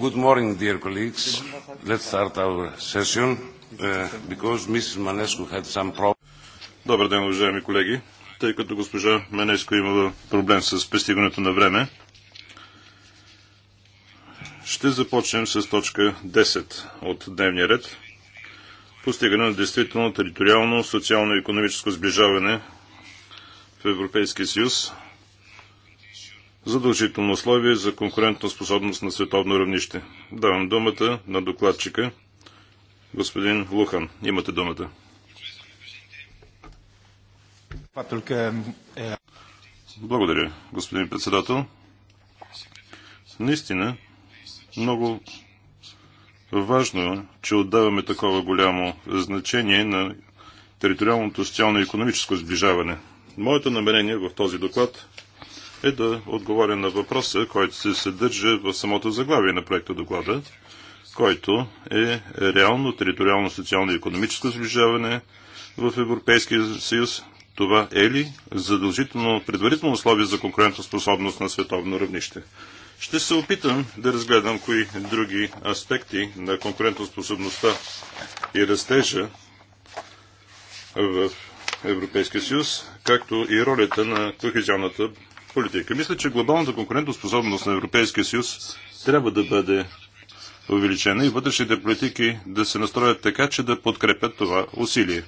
Good morning, dear colleagues. Let's start our session uh, because Mrs. Manescu had some problem. Добър ден, уважаеми колеги. Тъй като госпожа Менеско имала проблем с пристигането на време, ще започнем с точка 10 от дневния ред. Постигане на действително териториално, социално и економическо сближаване в Европейския съюз задължително условие за конкурентна способност на световно равнище. Давам думата на докладчика, господин Лухан. Имате думата. Благодаря, господин председател. Наистина, много важно е, че отдаваме такова голямо значение на териториалното социално и економическо сближаване. Моето намерение в този доклад е да отговоря на въпроса, който се съдържа в самото заглавие на проекта доклада, който е реално териториално, социално и економическо сближаване в Европейския съюз. Това е ли задължително предварително условие за конкурентоспособност на световно равнище? Ще се опитам да разгледам кои други аспекти на конкурентоспособността и растежа в Европейския съюз, както и ролята на кохезионната политика. Мисля, че глобалната конкурентоспособност на Европейския съюз трябва да бъде увеличена и вътрешните политики да се настроят така, че да подкрепят това усилие.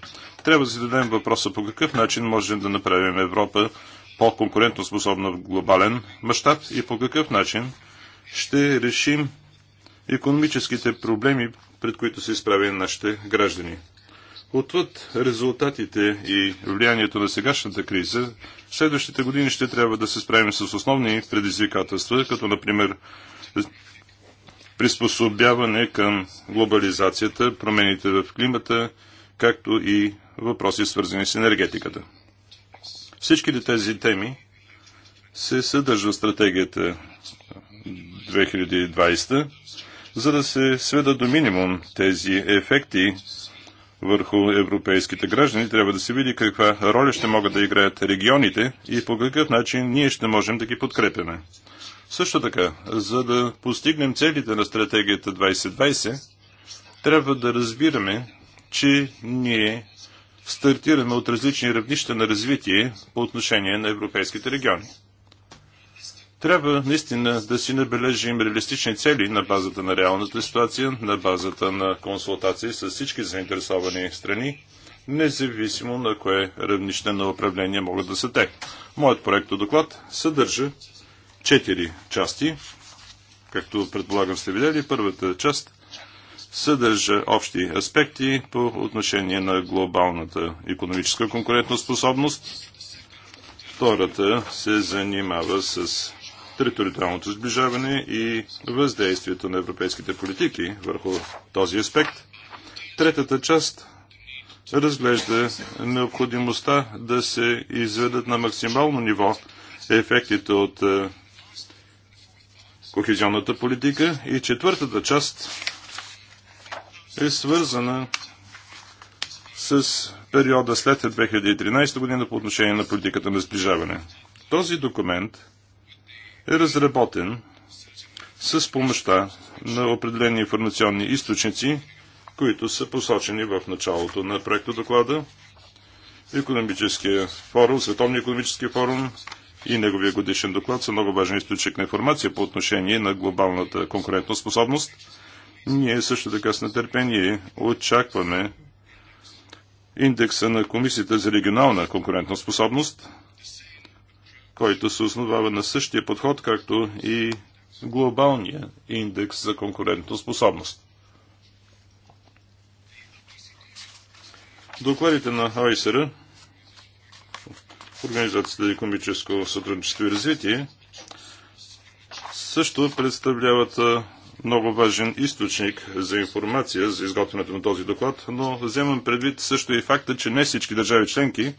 Трябва да си дадем въпроса по какъв начин можем да направим Европа по-конкурентоспособна в глобален мащаб и по какъв начин ще решим економическите проблеми, пред които са изправени нашите граждани. Отвъд резултатите и влиянието на сегашната криза, следващите години ще трябва да се справим с основни предизвикателства, като например приспособяване към глобализацията, промените в климата, както и въпроси свързани с енергетиката. Всичките тези теми се съдържат в стратегията 2020, за да се сведат до минимум тези ефекти върху европейските граждани, трябва да се види каква роля ще могат да играят регионите и по какъв начин ние ще можем да ги подкрепяме. Също така, за да постигнем целите на стратегията 2020, трябва да разбираме, че ние стартираме от различни равнища на развитие по отношение на европейските региони. Трябва наистина да си набележим реалистични цели на базата на реалната ситуация, на базата на консултации с всички заинтересовани страни, независимо на кое равнище на управление могат да са те. Моят проект доклад съдържа четири части, както предполагам сте видели. Първата част съдържа общи аспекти по отношение на глобалната економическа конкурентоспособност. Втората се занимава с териториалното сближаване и въздействието на европейските политики върху този аспект. Третата част разглежда необходимостта да се изведат на максимално ниво ефектите от е, кохезионната политика. И четвъртата част е свързана с периода след 2013 година по отношение на политиката на сближаване. Този документ е разработен с помощта на определени информационни източници, които са посочени в началото на проекта доклада. Економическия форум, Световния економически форум и неговия годишен доклад са много важен източник на информация по отношение на глобалната конкурентоспособност. Ние също така с нетърпение очакваме индекса на Комисията за регионална конкурентоспособност, който се основава на същия подход, както и глобалния индекс за конкурентоспособност. Докладите на ОИСР, Организацията за економическо сътрудничество и развитие, също представляват много важен източник за информация за изготвянето на този доклад, но вземам предвид също и факта, че не всички държави членки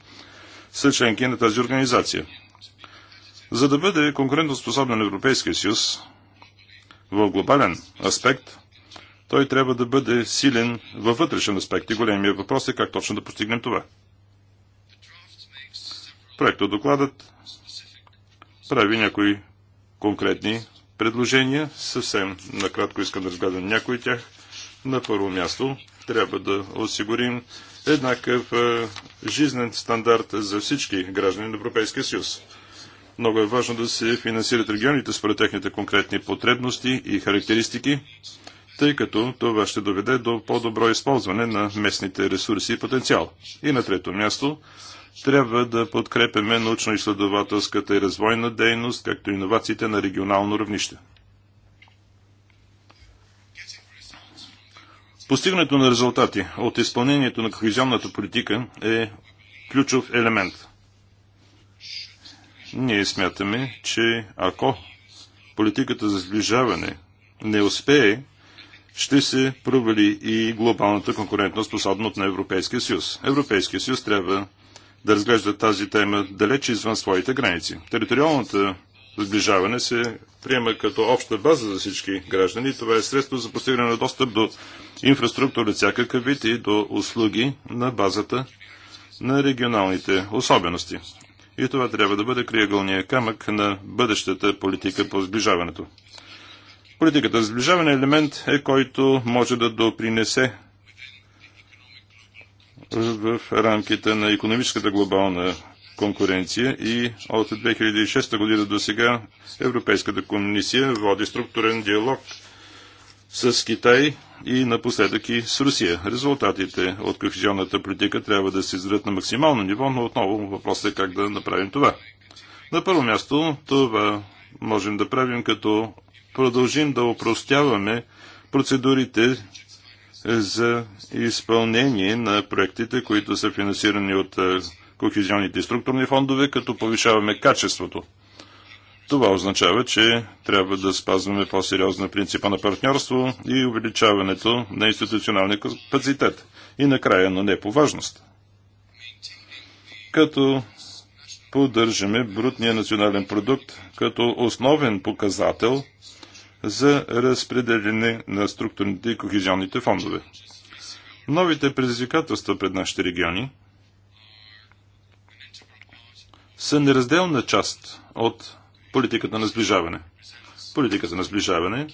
са членки на тази организация. За да бъде конкурентоспособен Европейския съюз в глобален аспект, той трябва да бъде силен във вътрешен аспект и големия въпрос е как точно да постигнем това. Проектът докладът прави някои конкретни предложения. Съвсем накратко искам да разгледам някои от тях. На първо място трябва да осигурим еднакъв е, жизнен стандарт за всички граждани на Европейския съюз. Много е важно да се финансират регионите според техните конкретни потребности и характеристики, тъй като това ще доведе до по-добро използване на местните ресурси и потенциал. И на трето място, трябва да подкрепяме научно-изследователската и развойна дейност, както иновациите на регионално равнище. Постигането на резултати от изпълнението на кохезионната политика е ключов елемент. Ние смятаме, че ако политиката за сближаване не успее, ще се провали и глобалната конкурентна способност на Европейския съюз. Европейския съюз трябва да разглежда тази тема далеч извън своите граници. Териториалната сближаване се приема като обща база за всички граждани. Това е средство за постигане на достъп до инфраструктура всякакъв вид и до услуги на базата на регионалните особености. И това трябва да бъде криъгълния камък на бъдещата политика по сближаването. Политиката за сближаване е елемент е, който може да допринесе в рамките на економическата глобална конкуренция и от 2006 година до сега Европейската комисия води структурен диалог с Китай и напоследък и с Русия. Резултатите от кохезионната политика трябва да се изградят на максимално ниво, но отново въпросът е как да направим това. На първо място това можем да правим като продължим да упростяваме процедурите за изпълнение на проектите, които са финансирани от кохезионните и структурни фондове, като повишаваме качеството. Това означава, че трябва да спазваме по сериозна принципа на партньорство и увеличаването на институционалния капацитет. И накрая, но не по важност. Като поддържаме брутния национален продукт като основен показател за разпределение на структурните и кохезионните фондове. Новите предизвикателства пред нашите региони са неразделна част от политиката на сближаване. Политиката на сближаване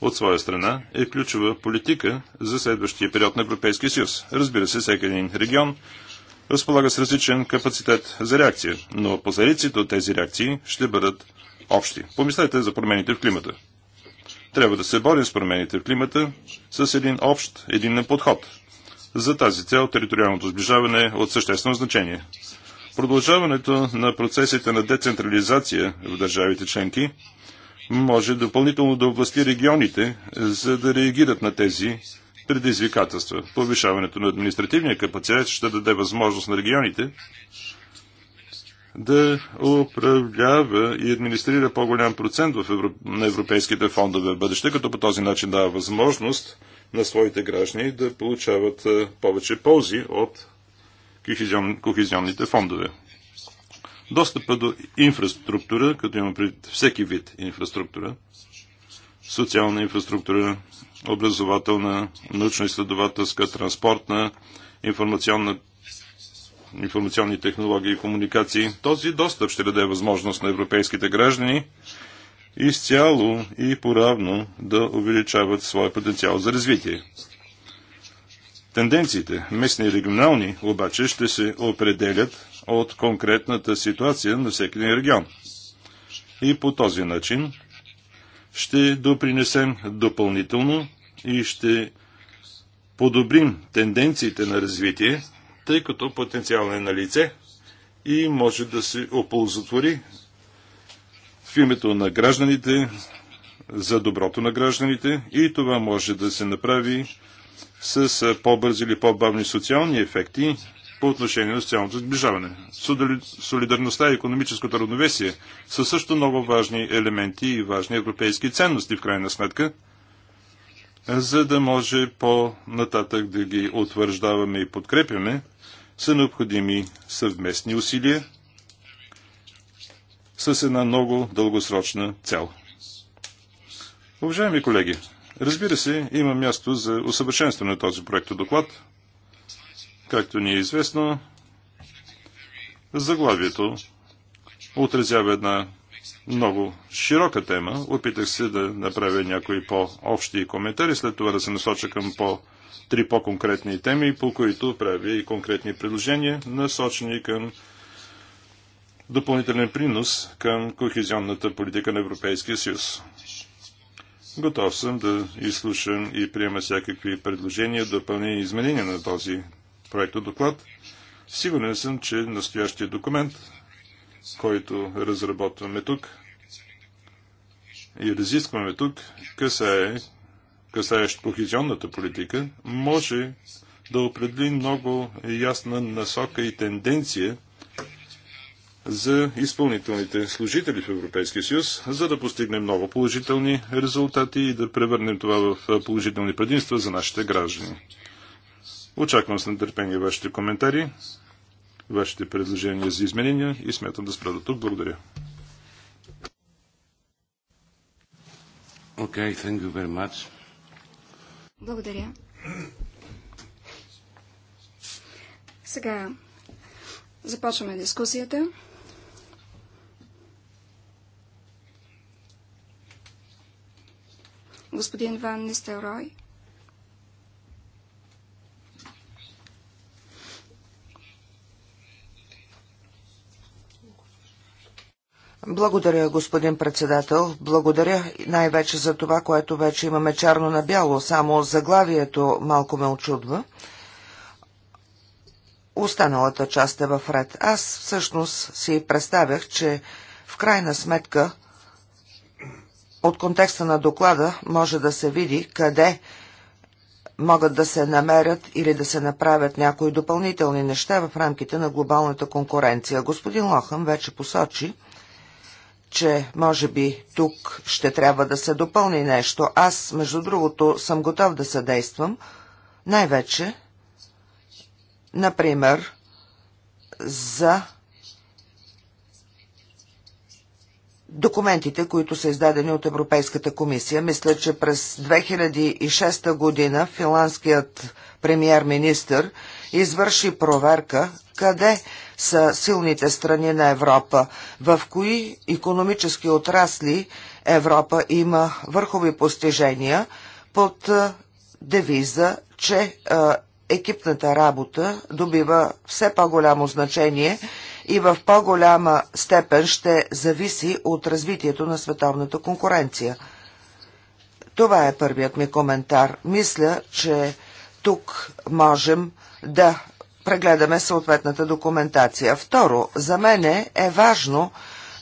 от своя страна е ключова политика за следващия период на Европейския съюз. Разбира се, всеки един регион разполага с различен капацитет за реакция, но последиците от тези реакции ще бъдат общи. Помислете за промените в климата. Трябва да се борим с промените в климата с един общ, един подход. За тази цел териториалното сближаване е от съществено значение. Продължаването на процесите на децентрализация в държавите членки може допълнително да области регионите, за да реагират на тези предизвикателства. Повишаването на административния капацитет ще даде възможност на регионите да управлява и администрира по-голям процент в евро... на европейските фондове в бъдеще, като по този начин дава възможност на своите граждани да получават повече ползи от кохезион, кохезионните фондове. Достъпа до инфраструктура, като има пред всеки вид инфраструктура, социална инфраструктура, образователна, научно-изследователска, транспортна, информационна, информационни технологии и комуникации. Този достъп ще даде възможност на европейските граждани изцяло и поравно да увеличават своя потенциал за развитие. Тенденциите, местни и регионални, обаче ще се определят от конкретната ситуация на всеки регион. И по този начин ще допринесем допълнително и ще подобрим тенденциите на развитие, тъй като потенциал е на лице и може да се оползотвори в името на гражданите, за доброто на гражданите и това може да се направи с по-бързи или по-бавни социални ефекти по отношение на социалното сближаване. Солидарността и економическото равновесие са също много важни елементи и важни европейски ценности в крайна сметка, за да може по-нататък да ги утвърждаваме и подкрепяме, са необходими съвместни усилия с една много дългосрочна цел. Уважаеми колеги, Разбира се, има място за усъвършенстване на този проект доклад. Както ни е известно, заглавието отразява една много широка тема. Опитах се да направя някои по-общи коментари, след това да се насоча към по- три по-конкретни теми, по които правя и конкретни предложения, насочени към допълнителен принос към кохезионната политика на Европейския съюз. Готов съм да изслушам и приема всякакви предложения, допълнения и изменения на този проекто доклад. Сигурен съм, че настоящия документ, който разработваме тук и разискваме тук, касае, касаещ кохезионната политика, може да определи много ясна насока и тенденция – за изпълнителните служители в Европейския съюз, за да постигнем много положителни резултати и да превърнем това в положителни предимства за нашите граждани. Очаквам с нетърпение вашите коментари, вашите предложения за изменения и смятам да спра до тук. Благодаря. Okay, thank you very much. Благодаря. Сега започваме дискусията. господин Ван Нестерой. Благодаря, господин председател. Благодаря най-вече за това, което вече имаме черно на бяло. Само заглавието малко ме очудва. Останалата част е в ред. Аз всъщност си представях, че в крайна сметка от контекста на доклада може да се види къде могат да се намерят или да се направят някои допълнителни неща в рамките на глобалната конкуренция. Господин Лохан вече посочи, че може би тук ще трябва да се допълни нещо. Аз, между другото, съм готов да съдействам, най-вече, например, за документите, които са издадени от Европейската комисия. Мисля, че през 2006 година финландският премьер-министр извърши проверка къде са силните страни на Европа, в кои економически отрасли Европа има върхови постижения под девиза, че екипната работа добива все по-голямо значение и в по-голяма степен ще зависи от развитието на световната конкуренция. Това е първият ми коментар. Мисля, че тук можем да прегледаме съответната документация. Второ, за мен е важно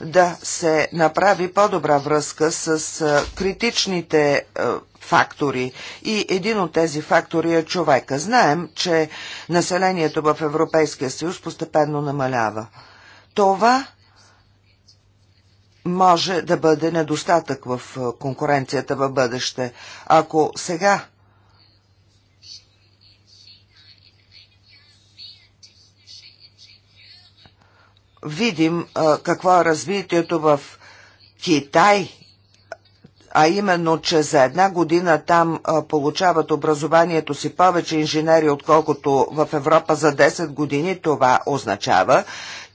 да се направи по-добра връзка с критичните фактори. И един от тези фактори е човека. Знаем, че населението в Европейския съюз постепенно намалява. Това може да бъде недостатък в конкуренцията в бъдеще. Ако сега видим а, какво е развитието в Китай а именно, че за една година там получават образованието си повече инженери, отколкото в Европа за 10 години, това означава,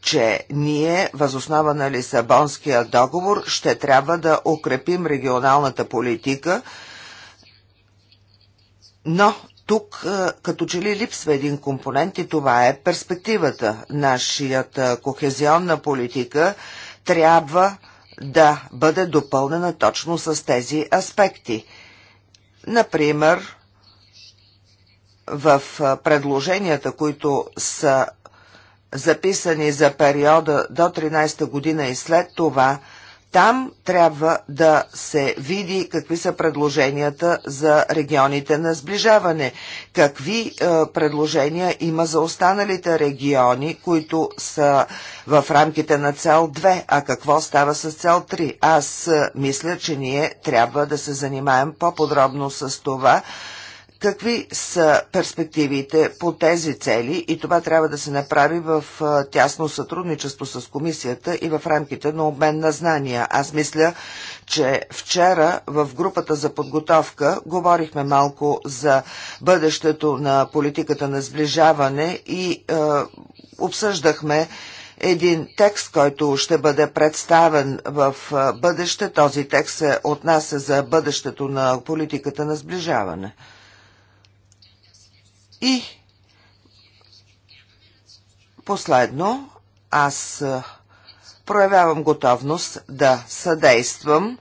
че ние, възоснова на Лисабонския договор, ще трябва да укрепим регионалната политика, но тук като че ли липсва един компонент и това е перспективата. Нашията кохезионна политика трябва да бъде допълнена точно с тези аспекти. Например, в предложенията, които са записани за периода до 13 та година и след това – там трябва да се види какви са предложенията за регионите на сближаване, какви е, предложения има за останалите региони, които са в рамките на цел 2, а какво става с цел 3. Аз е, мисля, че ние трябва да се занимаем по-подробно с това, Какви са перспективите по тези цели и това трябва да се направи в тясно сътрудничество с комисията и в рамките на обмен на знания. Аз мисля, че вчера в групата за подготовка говорихме малко за бъдещето на политиката на сближаване и е, обсъждахме един текст, който ще бъде представен в бъдеще. Този текст се отнася за бъдещето на политиката на сближаване. И последно, аз проявявам готовност да съдействам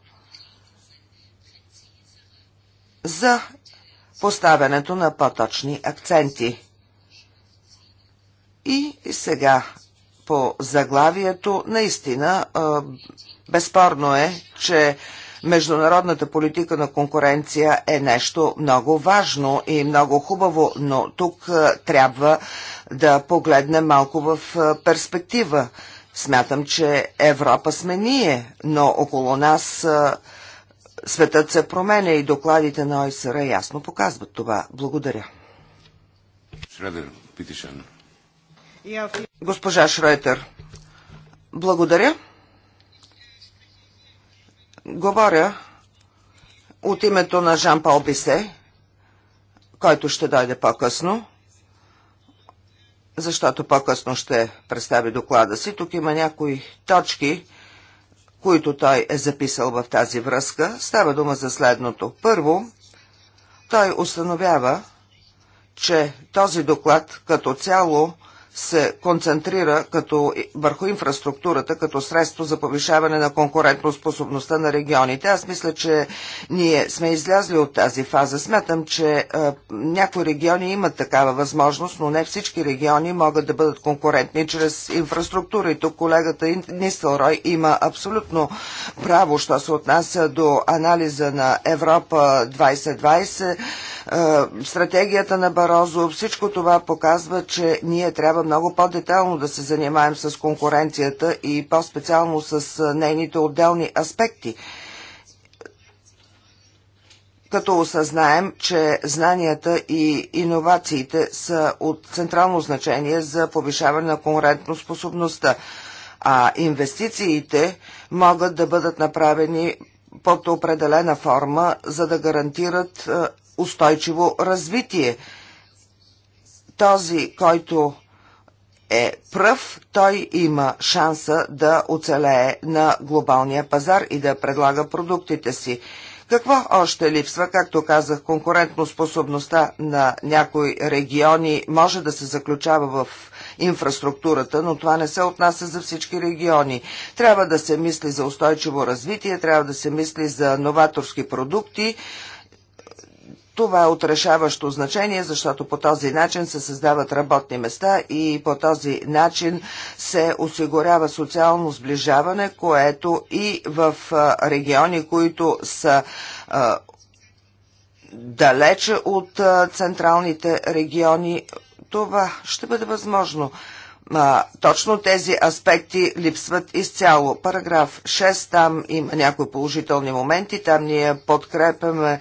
за поставянето на по-точни акценти. И сега по заглавието, наистина, безспорно е, че международната политика на конкуренция е нещо много важно и много хубаво, но тук е, трябва да погледнем малко в е, перспектива. Смятам, че Европа сме ние, но около нас е, светът се променя и докладите на ОИСР ясно показват това. Благодаря. Шредер, Госпожа Шретер, благодаря. Говоря от името на Жан-Пол Бисе, който ще дойде по-късно, защото по-късно ще представи доклада си. Тук има някои точки, които той е записал в тази връзка. Става дума за следното. Първо, той установява, че този доклад като цяло – се концентрира като, върху инфраструктурата като средство за повишаване на конкурентоспособността на регионите. Аз мисля, че ние сме излязли от тази фаза. Смятам, че а, е, някои региони имат такава възможност, но не всички региони могат да бъдат конкурентни чрез инфраструктура. И тук колегата Нистелрой има абсолютно право, що се отнася до анализа на Европа 2020, е, стратегията на Барозо. Всичко това показва, че ние трябва много по-детално да се занимаем с конкуренцията и по-специално с нейните отделни аспекти като осъзнаем, че знанията и иновациите са от централно значение за повишаване на конкурентоспособността, а инвестициите могат да бъдат направени под определена форма, за да гарантират устойчиво развитие. Този, който е пръв, той има шанса да оцелее на глобалния пазар и да предлага продуктите си. Какво още липсва? Както казах, конкурентноспособността на някои региони може да се заключава в инфраструктурата, но това не се отнася за всички региони. Трябва да се мисли за устойчиво развитие, трябва да се мисли за новаторски продукти, това е отрешаващо значение, защото по този начин се създават работни места и по този начин се осигурява социално сближаване, което и в региони, които са далече от централните региони, това ще бъде възможно. точно тези аспекти липсват изцяло. Параграф 6, там има някои положителни моменти, там ние подкрепяме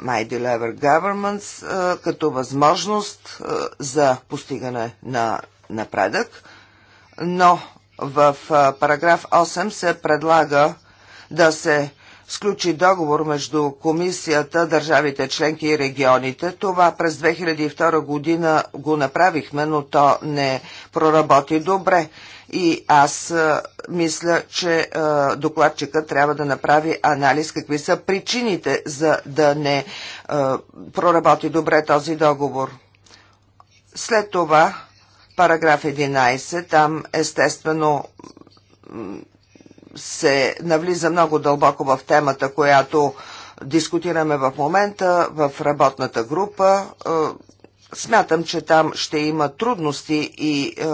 My Deliver Governments като възможност за постигане на напредък, но в параграф 8 се предлага да се сключи договор между комисията, държавите членки и регионите. Това през 2002 година го направихме, но то не проработи добре. И аз а, мисля, че а, докладчика трябва да направи анализ какви са причините за да не а, проработи добре този договор. След това, параграф 11, там естествено се навлиза много дълбоко в темата, която дискутираме в момента в работната група. Е, смятам, че там ще има трудности и е,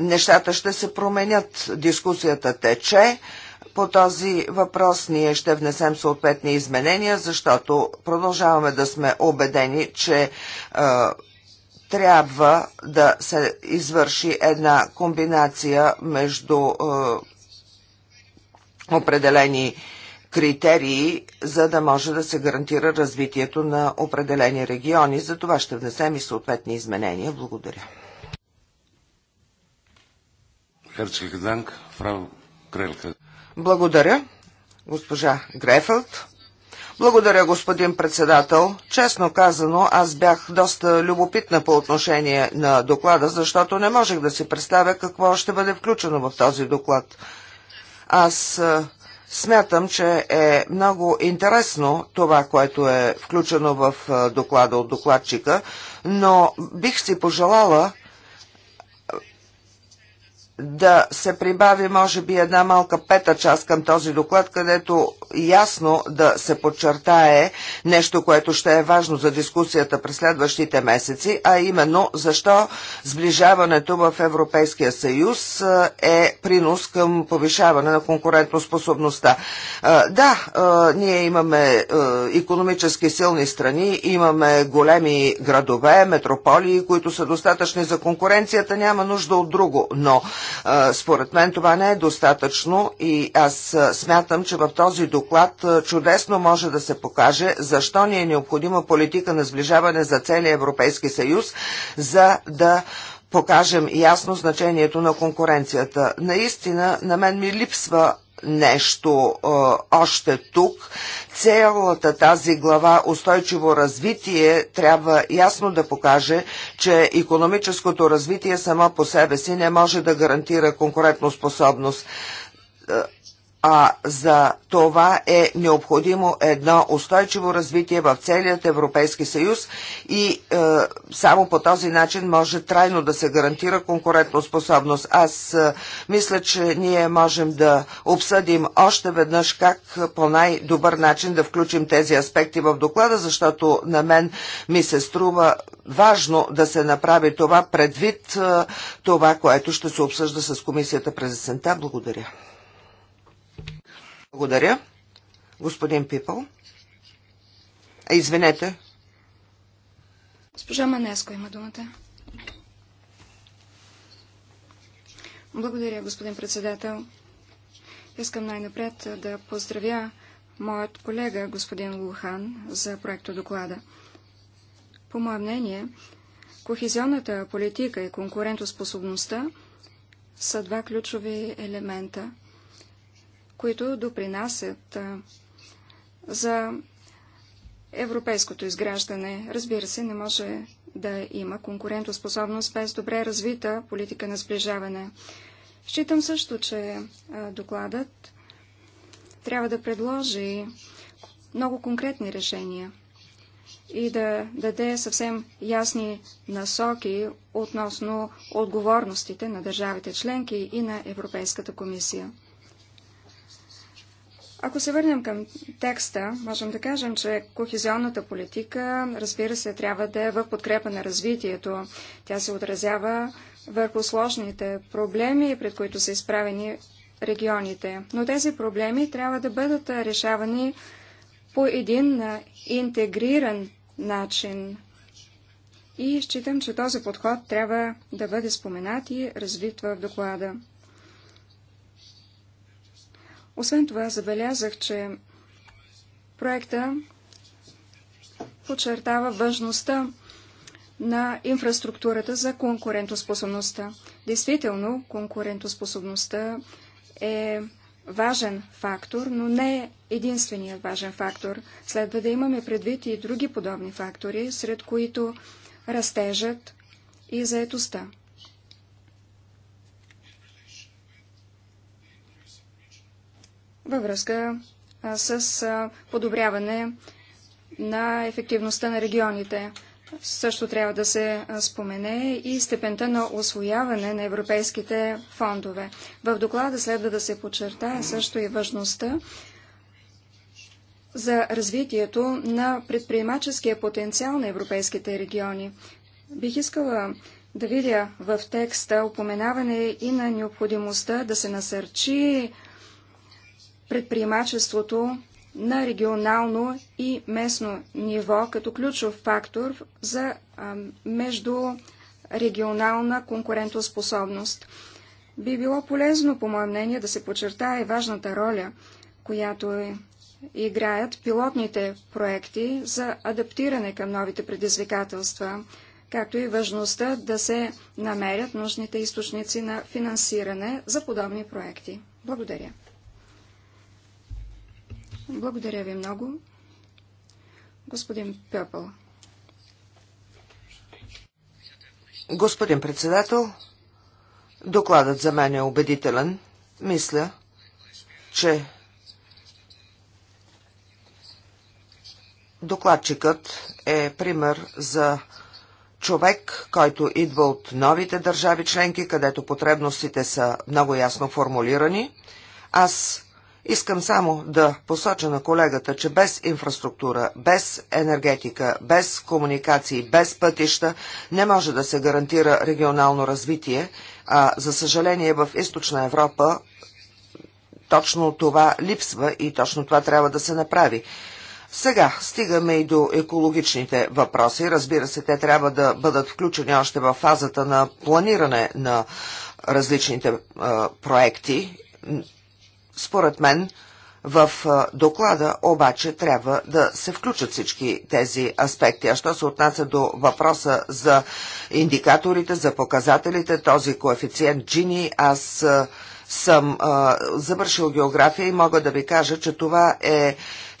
нещата ще се променят. Дискусията тече. По този въпрос ние ще внесем съответни изменения, защото продължаваме да сме убедени, че е, трябва да се извърши една комбинация между е, определени критерии, за да може да се гарантира развитието на определени региони. За това ще внесем и съответни изменения. Благодаря. Благодаря, госпожа Грефелд. Благодаря, господин председател. Честно казано, аз бях доста любопитна по отношение на доклада, защото не можех да си представя какво ще бъде включено в този доклад. Аз смятам, че е много интересно това, което е включено в доклада от докладчика, но бих си пожелала да се прибави, може би, една малка пета част към този доклад, където ясно да се подчертае нещо, което ще е важно за дискусията през следващите месеци, а именно защо сближаването в Европейския съюз е принос към повишаване на конкурентоспособността. Да, ние имаме економически силни страни, имаме големи градове, метрополии, които са достатъчни за конкуренцията, няма нужда от друго, но според мен това не е достатъчно и аз смятам, че в този доклад чудесно може да се покаже защо ни е необходима политика на сближаване за целия Европейски съюз, за да покажем ясно значението на конкуренцията. Наистина, на мен ми липсва нещо а, още тук. Цялата тази глава устойчиво развитие трябва ясно да покаже, че економическото развитие само по себе си не може да гарантира конкурентоспособност. способност а за това е необходимо едно устойчиво развитие в целият Европейски съюз и е, само по този начин може трайно да се гарантира конкурентоспособност. Аз е, мисля, че ние можем да обсъдим още веднъж как по най-добър начин да включим тези аспекти в доклада, защото на мен ми се струва важно да се направи това предвид е, това, което ще се обсъжда с комисията през есента. Благодаря. Благодаря. Господин Пипъл. Извинете. Госпожа Манеско има думата. Благодаря, господин председател. Искам най-напред да поздравя моят колега, господин Лухан, за проекто доклада. По мое мнение, кохезионната политика и конкурентоспособността са два ключови елемента – които допринасят за европейското изграждане. Разбира се, не може да има конкурентоспособност без добре развита политика на сближаване. Считам също, че докладът трябва да предложи много конкретни решения и да даде съвсем ясни насоки относно отговорностите на държавите членки и на Европейската комисия. Ако се върнем към текста, можем да кажем, че кохезионната политика, разбира се, трябва да е в подкрепа на развитието. Тя се отразява върху сложните проблеми, пред които са изправени регионите. Но тези проблеми трябва да бъдат решавани по един интегриран начин. И считам, че този подход трябва да бъде споменат и развит в доклада. Освен това, забелязах, че проекта подчертава важността на инфраструктурата за конкурентоспособността. Действително, конкурентоспособността е важен фактор, но не е единственият важен фактор. Следва да имаме предвид и други подобни фактори, сред които растежът и заетостта. във връзка с подобряване на ефективността на регионите. Също трябва да се спомене и степента на освояване на европейските фондове. В доклада следва да се подчертае също и важността за развитието на предприемаческия потенциал на европейските региони. Бих искала да видя в текста упоменаване и на необходимостта да се насърчи предприемачеството на регионално и местно ниво като ключов фактор за междурегионална конкурентоспособност. Би било полезно, по мое мнение, да се подчертае важната роля, която е, играят пилотните проекти за адаптиране към новите предизвикателства, както и важността да се намерят нужните източници на финансиране за подобни проекти. Благодаря. Благодаря ви много. Господин Пепел. Господин председател, докладът за мен е убедителен. Мисля, че докладчикът е пример за човек, който идва от новите държави членки, където потребностите са много ясно формулирани. Аз Искам само да посоча на колегата, че без инфраструктура, без енергетика, без комуникации, без пътища не може да се гарантира регионално развитие, а за съжаление в източна Европа точно това липсва и точно това трябва да се направи. Сега стигаме и до екологичните въпроси. Разбира се, те трябва да бъдат включени още в фазата на планиране на различните а, проекти според мен, в доклада обаче трябва да се включат всички тези аспекти. А що се отнася до въпроса за индикаторите, за показателите, този коефициент Джини, аз съм а, завършил география и мога да ви кажа, че това е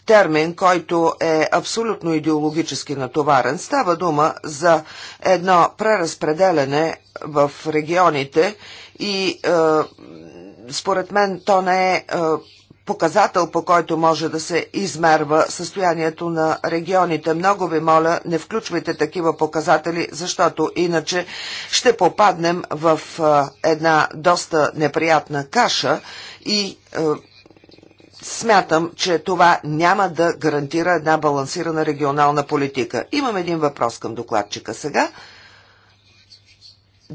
термин, който е абсолютно идеологически натоварен. Става дума за едно преразпределене в регионите и според мен то не е, е показател, по който може да се измерва състоянието на регионите. Много ви моля, не включвайте такива показатели, защото иначе ще попаднем в е, една доста неприятна каша и е, смятам, че това няма да гарантира една балансирана регионална политика. Имам един въпрос към докладчика сега.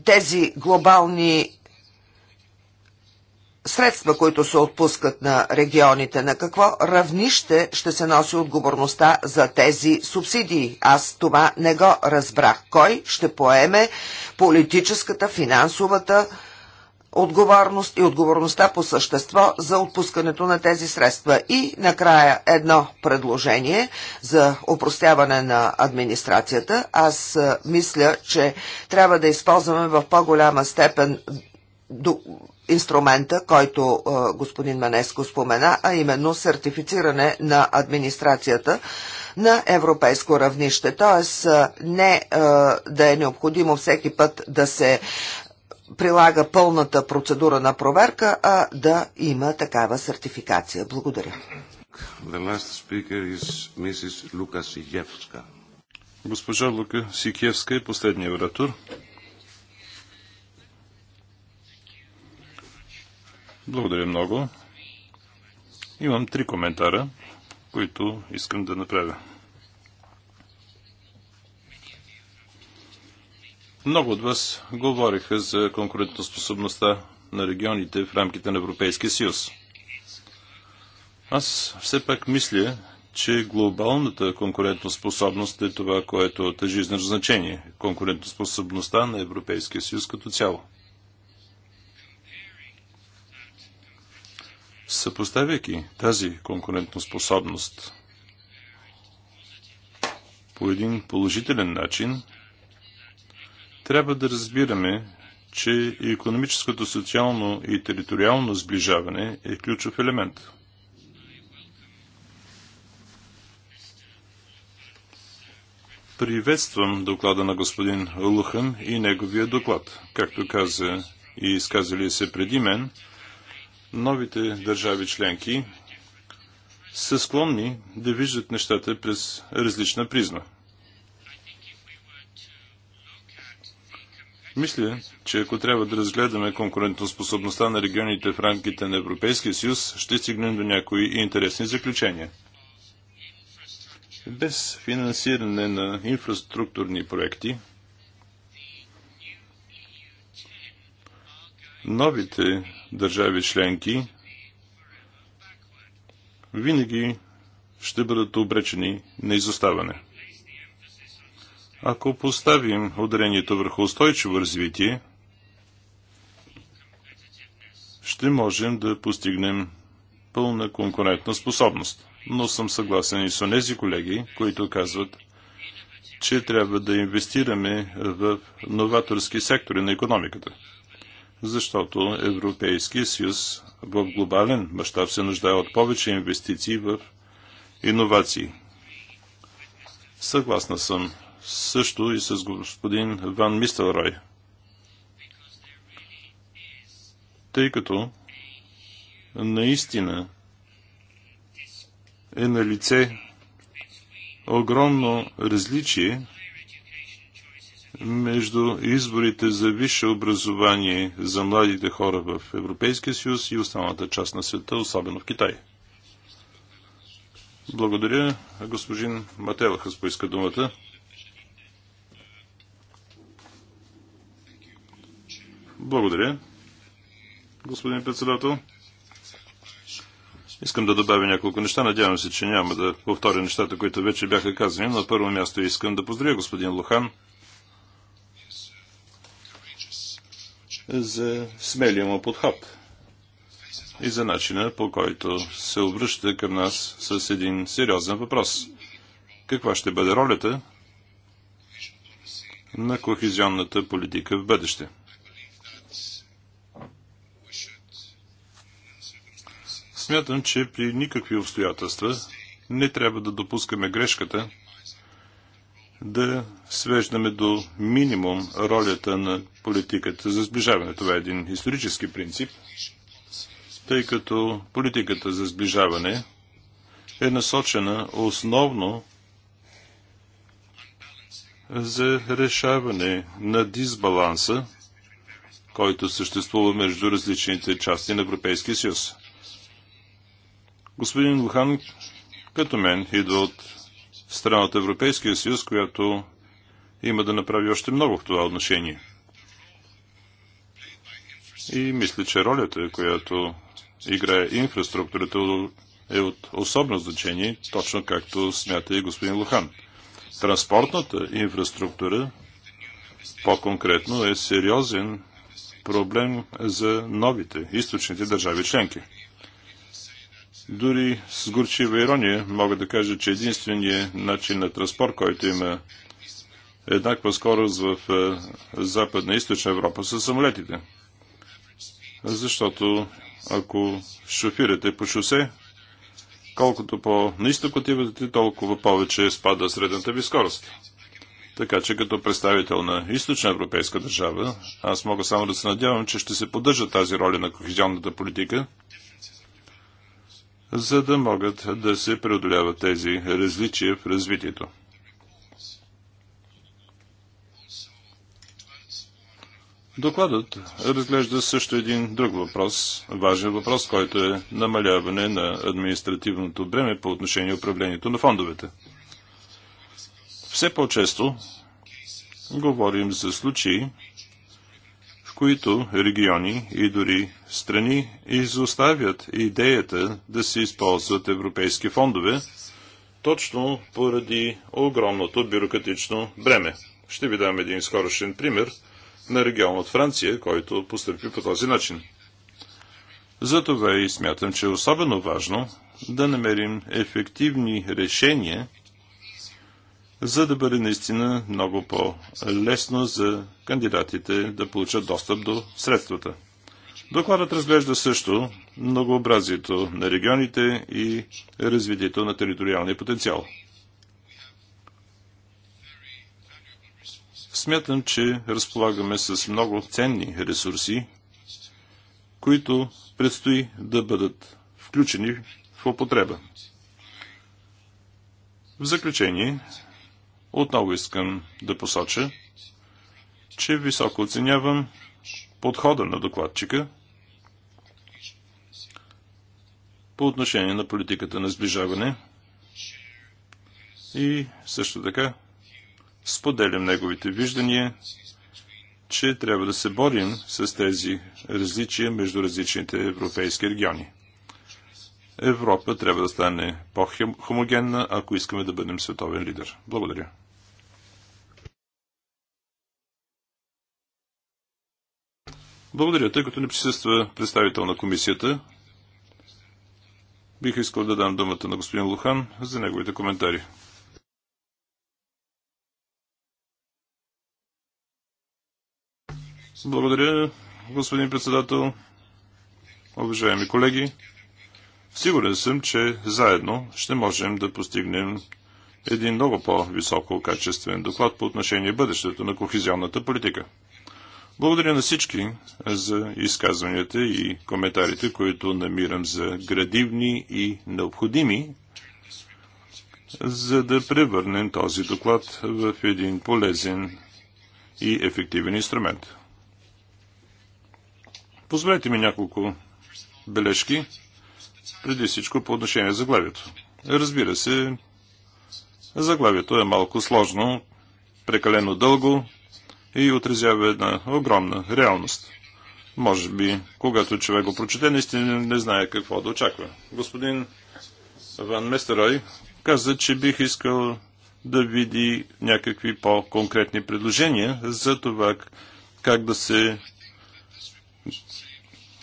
Тези глобални средства, които се отпускат на регионите, на какво равнище ще се носи отговорността за тези субсидии? Аз това не го разбрах. Кой ще поеме политическата, финансовата отговорност и отговорността по същество за отпускането на тези средства. И накрая едно предложение за опростяване на администрацията. Аз мисля, че трябва да използваме в по-голяма степен инструмента, който господин Манеско спомена, а именно сертифициране на администрацията на европейско равнище. Тоест не да е необходимо всеки път да се прилага пълната процедура на проверка, а да има такава сертификация. Благодаря. Госпожа Лука Сикевска е последния оратор. Благодаря много. Имам три коментара, които искам да направя. Много от вас говориха за конкурентоспособността на регионите в рамките на Европейския съюз. Аз все пак мисля, че глобалната конкурентоспособност е това, което е жизнено значение. Конкурентоспособността на Европейския съюз като цяло. съпоставяйки тази конкурентоспособност по един положителен начин, трябва да разбираме, че економическото, социално и териториално сближаване е ключов елемент. Приветствам доклада на господин Лухан и неговия доклад. Както каза и изказали се преди мен, новите държави членки са склонни да виждат нещата през различна призма. Мисля, че ако трябва да разгледаме конкурентоспособността на регионите в рамките на Европейския съюз, ще стигнем до някои интересни заключения. Без финансиране на инфраструктурни проекти, новите държави членки винаги ще бъдат обречени на изоставане. Ако поставим ударението върху устойчиво развитие, ще можем да постигнем пълна конкурентна способност. Но съм съгласен и с онези колеги, които казват, че трябва да инвестираме в новаторски сектори на економиката защото Европейския съюз в глобален мащаб се нуждае от повече инвестиции в иновации. Съгласна съм също и с господин Ван Мистелрой, тъй като наистина е на лице огромно различие между изборите за висше образование за младите хора в Европейския съюз и останалата част на света, особено в Китай. Благодаря. Господин Матевахас поиска думата. Благодаря. Господин председател, искам да добавя няколко неща. Надявам се, че няма да повторя нещата, които вече бяха казани. На първо място искам да поздравя господин Лохан за смелия му подход и за начина по който се обръща към нас с един сериозен въпрос. Каква ще бъде ролята на кохезионната политика в бъдеще? Смятам, че при никакви обстоятелства не трябва да допускаме грешката да свеждаме до минимум ролята на политиката за сближаване. Това е един исторически принцип, тъй като политиката за сближаване е насочена основно за решаване на дисбаланса, който съществува между различните части на Европейския съюз. Господин Лухан, като мен, идва от страна от Европейския съюз, която има да направи още много в това отношение. И мисля, че ролята, която играе инфраструктурата, е от особено значение, точно както смята и господин Лухан. Транспортната инфраструктура, по-конкретно, е сериозен проблем за новите източните държави членки. Дори с горчива ирония мога да кажа, че единственият начин на транспорт, който има еднаква скорост в е, Западна и Източна Европа, са самолетите. Защото ако шофирате по шосе, колкото по-на изток отивате, толкова повече спада средната ви скорост. Така че като представител на източна европейска държава, аз мога само да се надявам, че ще се поддържа тази роля на кохезионната политика – за да могат да се преодоляват тези различия в развитието. Докладът разглежда също един друг въпрос, важен въпрос, който е намаляване на административното бреме по отношение управлението на фондовете. Все по-често говорим за случаи, които региони и дори страни изоставят идеята да се използват европейски фондове, точно поради огромното бюрократично бреме. Ще ви дам един скорошен пример на регион от Франция, който постъпи по този начин. Затова и смятам, че е особено важно да намерим ефективни решения – за да бъде наистина много по-лесно за кандидатите да получат достъп до средствата. Докладът разглежда също многообразието на регионите и развитието на териториалния потенциал. Смятам, че разполагаме с много ценни ресурси, които предстои да бъдат включени в употреба. В заключение, отново искам да посоча, че високо оценявам подхода на докладчика по отношение на политиката на сближаване и също така споделям неговите виждания, че трябва да се борим с тези различия между различните европейски региони. Европа трябва да стане по-хомогенна, ако искаме да бъдем световен лидер. Благодаря. Благодаря. Тъй като не присъства представител на комисията, бих искал да дам думата на господин Лухан за неговите коментари. Благодаря, господин председател. Уважаеми колеги, сигурен съм, че заедно ще можем да постигнем един много по-високо качествен доклад по отношение бъдещето на кохезионната политика. Благодаря на всички за изказванията и коментарите, които намирам за градивни и необходими, за да превърнем този доклад в един полезен и ефективен инструмент. Позволете ми няколко бележки, преди всичко по отношение заглавието. Разбира се, заглавието е малко сложно, прекалено дълго, и отразява една огромна реалност. Може би, когато човек го прочете, наистина не знае какво да очаква. Господин Ван Местерой каза, че бих искал да види някакви по-конкретни предложения за това как да се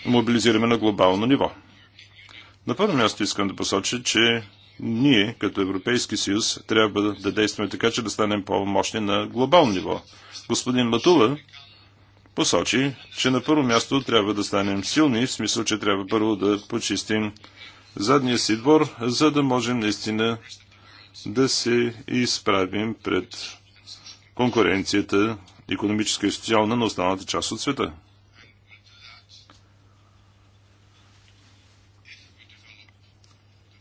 мобилизираме на глобално ниво. На първо място искам да посоча, че ние, като Европейски съюз, трябва да действаме така, че да станем по-мощни на глобално ниво. Господин Матула посочи, че на първо място трябва да станем силни, в смисъл, че трябва първо да почистим задния си двор, за да можем наистина да се изправим пред конкуренцията, економическа и социална на останалата част от света.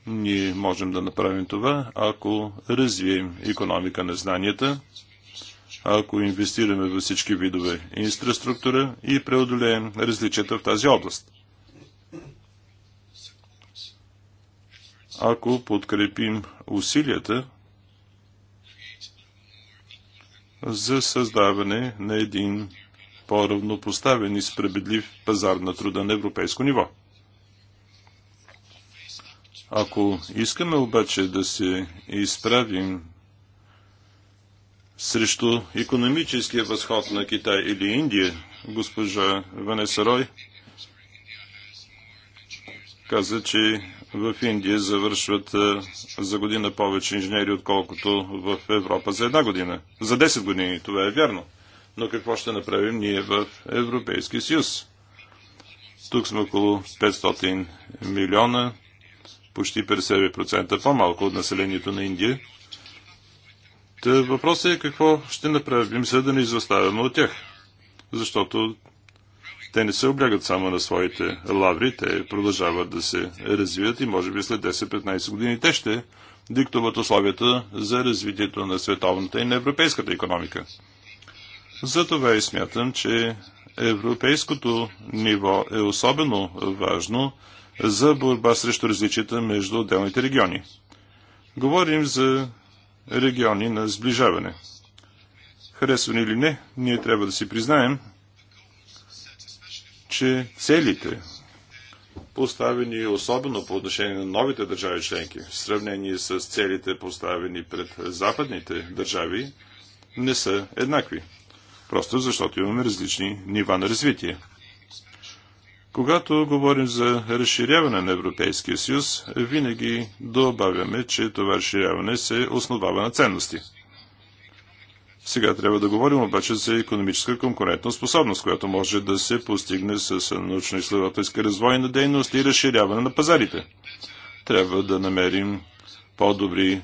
Ние можем да направим това, ако развием економика на знанията, ако инвестираме във всички видове инфраструктура и преодолеем различията в тази област. Ако подкрепим усилията за създаване на един по-равнопоставен и справедлив пазар на труда на европейско ниво. Ако искаме обаче да се изправим срещу економическия възход на Китай или Индия, госпожа Ванеса Рой каза, че в Индия завършват за година повече инженери, отколкото в Европа за една година. За 10 години това е вярно. Но какво ще направим ние в Европейския съюз? Тук сме около 500 милиона почти 50% по-малко от населението на Индия. Та въпросът е какво ще направим, за да не изоставяме от тях. Защото те не се облягат само на своите лаври, те продължават да се развиват и може би след 10-15 години те ще диктуват условията за развитието на световната и на европейската економика. Затова и смятам, че европейското ниво е особено важно за борба срещу различията между отделните региони. Говорим за региони на сближаване. Харесвани или не, ние трябва да си признаем, че целите, поставени особено по отношение на новите държави членки, в сравнение с целите поставени пред западните държави, не са еднакви. Просто защото имаме различни нива на развитие. Когато говорим за разширяване на Европейския съюз, винаги добавяме, че това разширяване се основава на ценности. Сега трябва да говорим обаче за економическа конкурентна способност, която може да се постигне с научно-изследователска развойна дейност и разширяване на пазарите. Трябва да намерим по-добри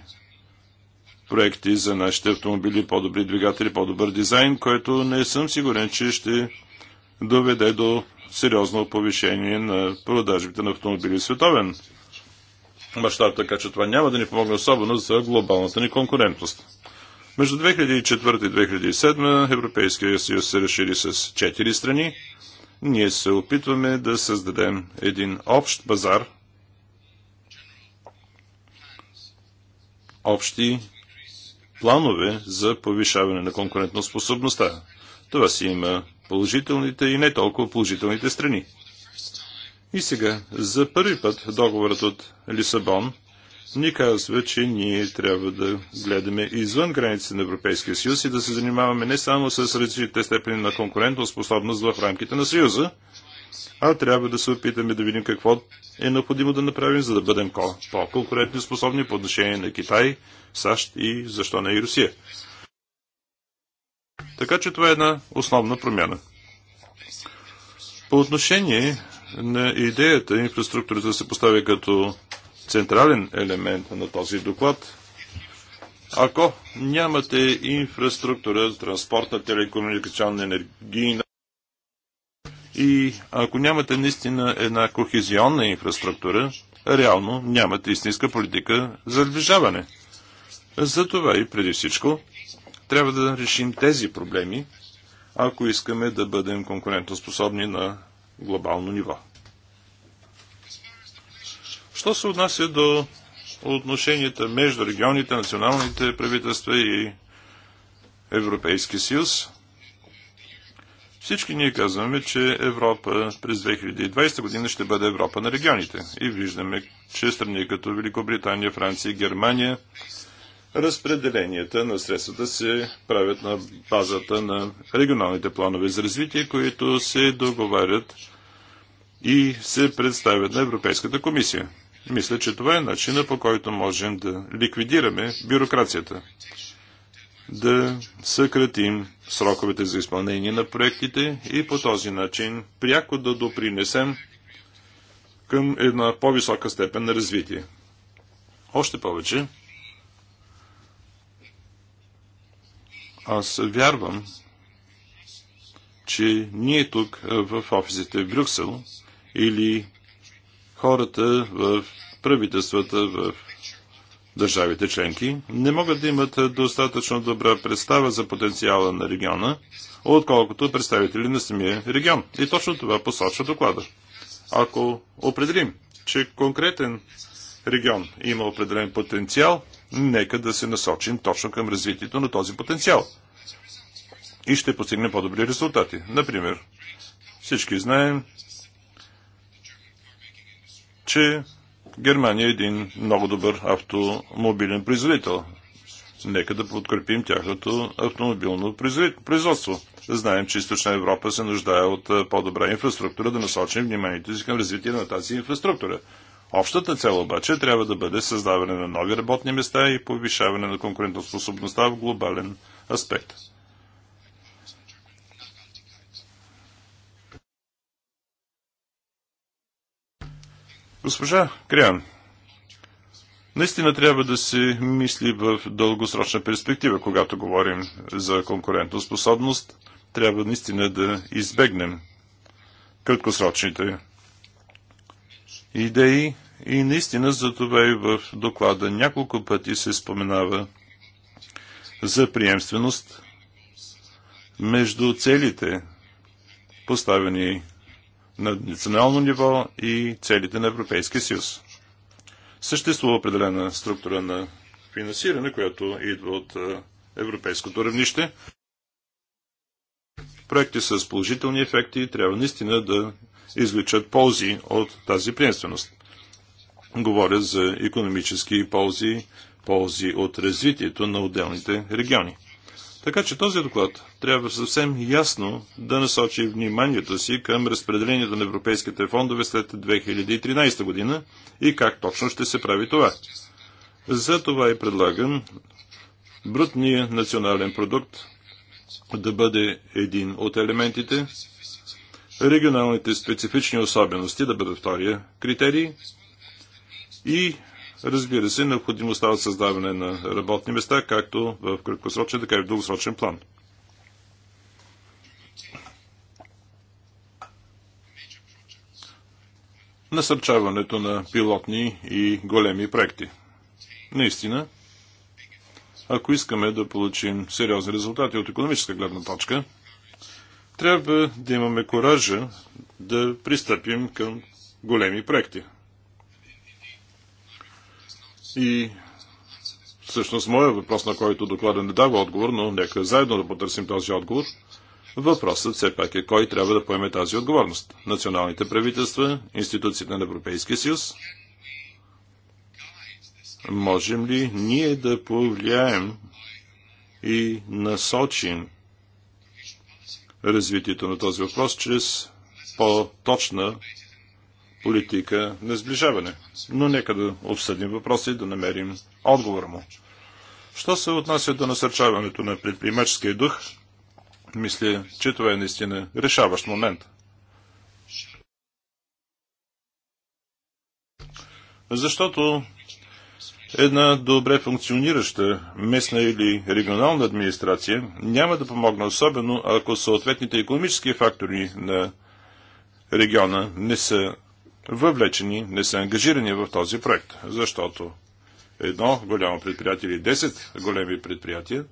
проекти за нашите автомобили, по-добри двигатели, по-добър дизайн, който не съм сигурен, че ще доведе до сериозно повишение на продажбите на автомобили в световен мащаб, така че това няма да ни помогне особено за глобалната ни конкурентност. Между 2004 и 2007 Европейския съюз се разшири с 4 страни. Ние се опитваме да създадем един общ базар. общи планове за повишаване на конкурентоспособността. Това си има положителните и не толкова положителните страни. И сега, за първи път договорът от Лисабон ни казва, че ние трябва да гледаме извън границите на Европейския съюз и да се занимаваме не само с различните степени на способност в рамките на съюза, а трябва да се опитаме да видим какво е необходимо да направим, за да бъдем по-конкурентни способни по отношение на Китай, САЩ и защо не и Русия. Така че това е една основна промяна. По отношение на идеята инфраструктурата да се постави като централен елемент на този доклад, ако нямате инфраструктура, транспортна, телекомуникационна, енергийна и ако нямате наистина една кохезионна инфраструктура, реално нямате истинска политика за сближаване. Затова и преди всичко трябва да решим тези проблеми, ако искаме да бъдем конкурентоспособни на глобално ниво. Що се отнася до отношенията между регионите, националните правителства и Европейски съюз, всички ние казваме, че Европа през 2020 година ще бъде Европа на регионите. И виждаме, че страни като Великобритания, Франция и Германия – Разпределенията на средствата се правят на базата на регионалните планове за развитие, които се договарят и се представят на Европейската комисия. Мисля, че това е начина по който можем да ликвидираме бюрокрацията, да съкратим сроковете за изпълнение на проектите и по този начин пряко да допринесем към една по-висока степен на развитие. Още повече, Аз вярвам, че ние тук в офисите в Брюксел или хората в правителствата в държавите членки не могат да имат достатъчно добра представа за потенциала на региона, отколкото представители на самия регион. И точно това посочва доклада. Ако определим, че конкретен регион има определен потенциал, нека да се насочим точно към развитието на този потенциал. И ще постигнем по-добри резултати. Например, всички знаем, че Германия е един много добър автомобилен производител. Нека да подкрепим тяхното автомобилно производство. Знаем, че Източна Европа се нуждае от по-добра инфраструктура, да насочим вниманието си към развитие на тази инфраструктура. Общата цел обаче трябва да бъде създаване на нови работни места и повишаване на конкурентоспособността в глобален аспект. Госпожа Криан, наистина трябва да се мисли в дългосрочна перспектива, когато говорим за конкурентоспособност. Трябва наистина да избегнем краткосрочните идеи и наистина за това и в доклада няколко пъти се споменава за приемственост между целите, поставени на национално ниво и целите на Европейския съюз. Съществува определена структура на финансиране, която идва от европейското равнище. Проекти с положителни ефекти трябва наистина да извлечат ползи от тази приемственост. Говоря за економически ползи, ползи от развитието на отделните региони. Така че този доклад трябва съвсем ясно да насочи вниманието си към разпределението на европейските фондове след 2013 година и как точно ще се прави това. За това и предлагам брутния национален продукт да бъде един от елементите, регионалните специфични особености да бъдат втория критерий и разбира се, необходимостта от създаване на работни места, както в краткосрочен, така и в дългосрочен план. Насърчаването на пилотни и големи проекти. Наистина, ако искаме да получим сериозни резултати от економическа гледна точка, трябва да имаме коража да пристъпим към големи проекти. И всъщност моя въпрос, на който доклада не дава отговор, но нека заедно да потърсим този отговор. Въпросът все пак е кой трябва да поеме тази отговорност. Националните правителства, институциите на Европейския съюз. Можем ли ние да повлияем и насочим развитието на този въпрос чрез по-точна политика на сближаване. Но нека да обсъдим въпроса и да намерим отговора му. Що се отнася до насърчаването на предприемаческия дух, мисля, че това е наистина решаващ момент. Защото една добре функционираща местна или регионална администрация няма да помогне особено, ако съответните економически фактори на региона не са въвлечени, не са ангажирани в този проект, защото едно голямо предприятие или 10 големи предприятия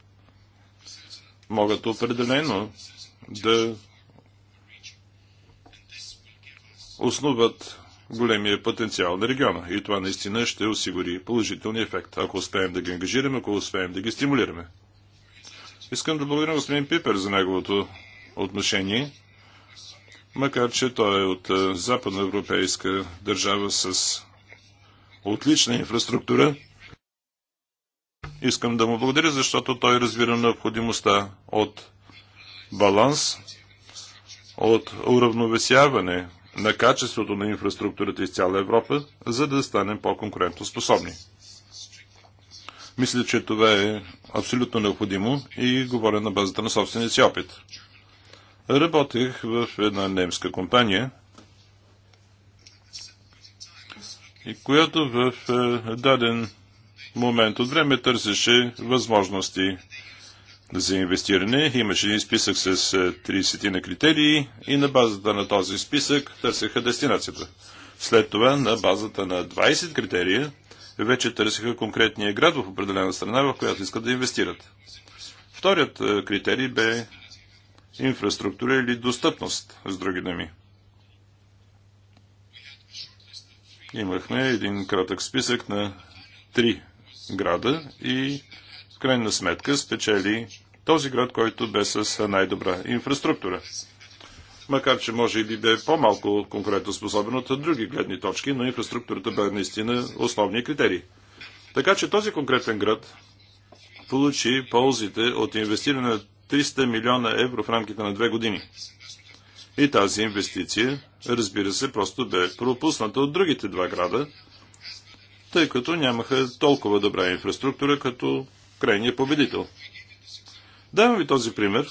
могат определено да основат големия потенциал на региона. И това наистина ще осигури положителния ефект, ако успеем да ги ангажираме, ако успеем да ги стимулираме. Искам да благодаря господин Пипер за неговото отношение макар че той е от е, западноевропейска държава с отлична инфраструктура. Искам да му благодаря, защото той разбира необходимостта от баланс, от уравновесяване на качеството на инфраструктурата из цяла Европа, за да станем по-конкурентоспособни. Мисля, че това е абсолютно необходимо и говоря на базата на собствения си опит. Работех в една немска компания, и която в е, даден момент от време търсеше възможности за инвестиране. Имаше един списък с 30 е, на критерии и на базата на този списък търсеха дестинацията. След това на базата на 20 критерия вече търсиха конкретния град в определена страна, в която искат да инвестират. Вторият е, критерий бе инфраструктура или достъпност, с други думи. Имахме един кратък списък на три града и в крайна сметка спечели този град, който бе с най-добра инфраструктура. Макар, че може и да е по-малко конкретно способен от други гледни точки, но инфраструктурата бе наистина основния критерий. Така че този конкретен град получи ползите от инвестирането 300 милиона евро в рамките на две години. И тази инвестиция, разбира се, просто бе пропусната от другите два града, тъй като нямаха толкова добра инфраструктура като крайния победител. Давам ви този пример,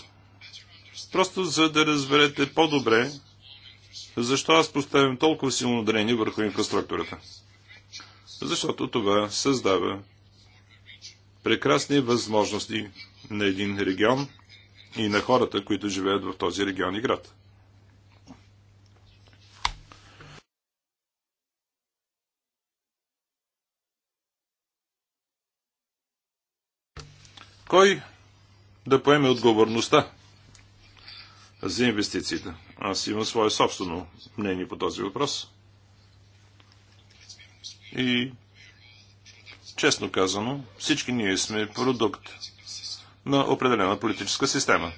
просто за да разберете по-добре защо аз поставям толкова силно дарение върху инфраструктурата. Защото това създава прекрасни възможности на един регион, и на хората, които живеят в този регион и град. Кой да поеме отговорността за инвестициите? Аз имам свое собствено мнение по този въпрос. И честно казано, всички ние сме продукт на определена политическа система.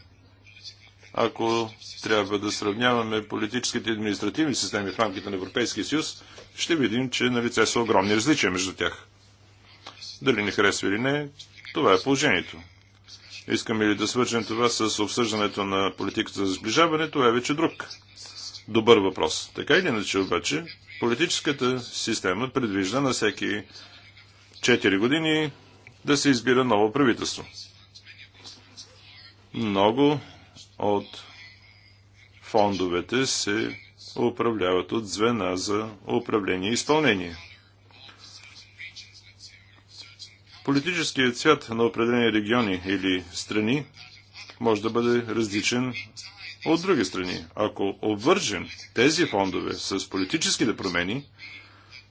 Ако трябва да сравняваме политическите и административни системи в рамките на Европейския съюз, ще видим, че на лице са огромни различия между тях. Дали ни харесва или не, това е положението. Искаме ли да свържем това с обсъждането на политиката за сближаване, това е вече друг добър въпрос. Така или иначе обаче, политическата система предвижда на всеки 4 години да се избира ново правителство. Много от фондовете се управляват от звена за управление и изпълнение. Политическият цвят на определени региони или страни може да бъде различен от други страни. Ако обвържем тези фондове с политическите промени,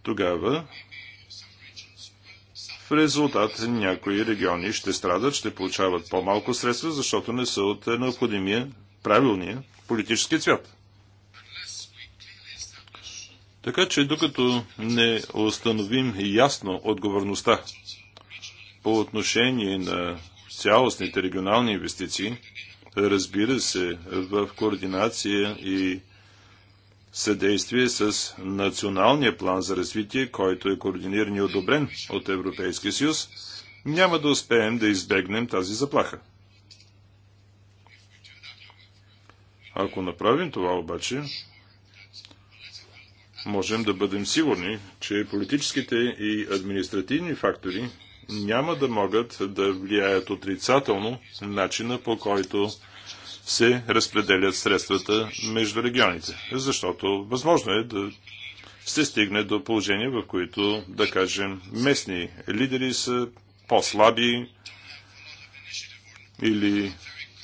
тогава резултат някои региони ще страдат, ще получават по-малко средства, защото не са от е, необходимия, правилния политически цвят. Така че докато не установим ясно отговорността по отношение на цялостните регионални инвестиции, разбира се, в координация и съдействие с националния план за развитие, който е координиран и одобрен от Европейския съюз, няма да успеем да избегнем тази заплаха. Ако направим това обаче, можем да бъдем сигурни, че политическите и административни фактори няма да могат да влияят отрицателно начина по който се разпределят средствата между регионите. Защото възможно е да се стигне до положение, в които, да кажем, местни лидери са по-слаби или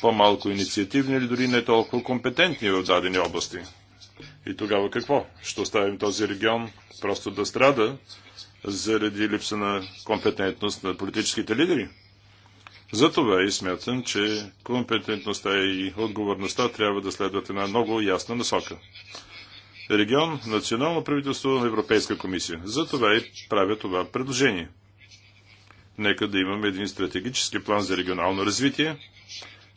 по-малко инициативни или дори не толкова компетентни в дадени области. И тогава какво? Ще оставим този регион просто да страда заради липса на компетентност на политическите лидери? Затова и смятам, че компетентността и отговорността трябва да следват една много ясна насока. Регион, национално правителство, на Европейска комисия. Затова и правя това предложение. Нека да имаме един стратегически план за регионално развитие.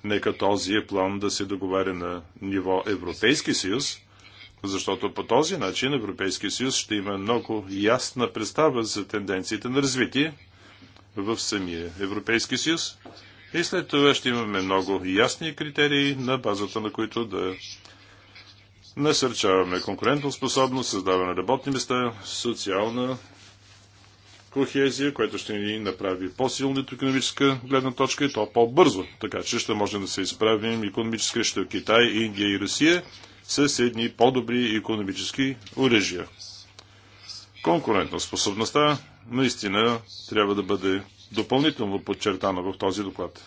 Нека този е план да се договаря на ниво Европейски съюз, защото по този начин Европейския съюз ще има много ясна представа за тенденциите на развитие в самия Европейски съюз. И след това ще имаме много ясни критерии, на базата на които да насърчаваме конкурентно способност, създаване на работни места, социална кохезия, което ще ни направи по силна от економическа гледна точка и то по-бързо. Така че ще можем да се изправим економически срещу Китай, Индия и Русия с едни по-добри економически оръжия. способността наистина трябва да бъде допълнително подчертана в този доклад.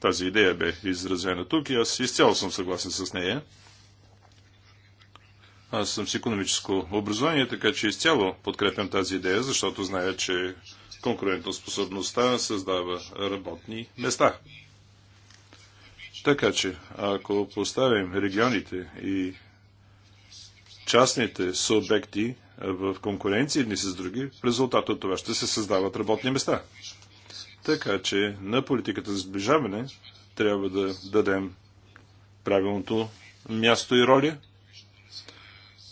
Тази идея бе изразена тук и аз изцяло съм съгласен с нея. Аз съм с економическо образование, така че изцяло подкрепям тази идея, защото зная, че конкурентоспособността създава работни места. Така че, ако поставим регионите и частните субекти в конкуренция едни с други, в резултат от това ще се създават работни места. Така че на политиката за сближаване трябва да дадем правилното място и роля.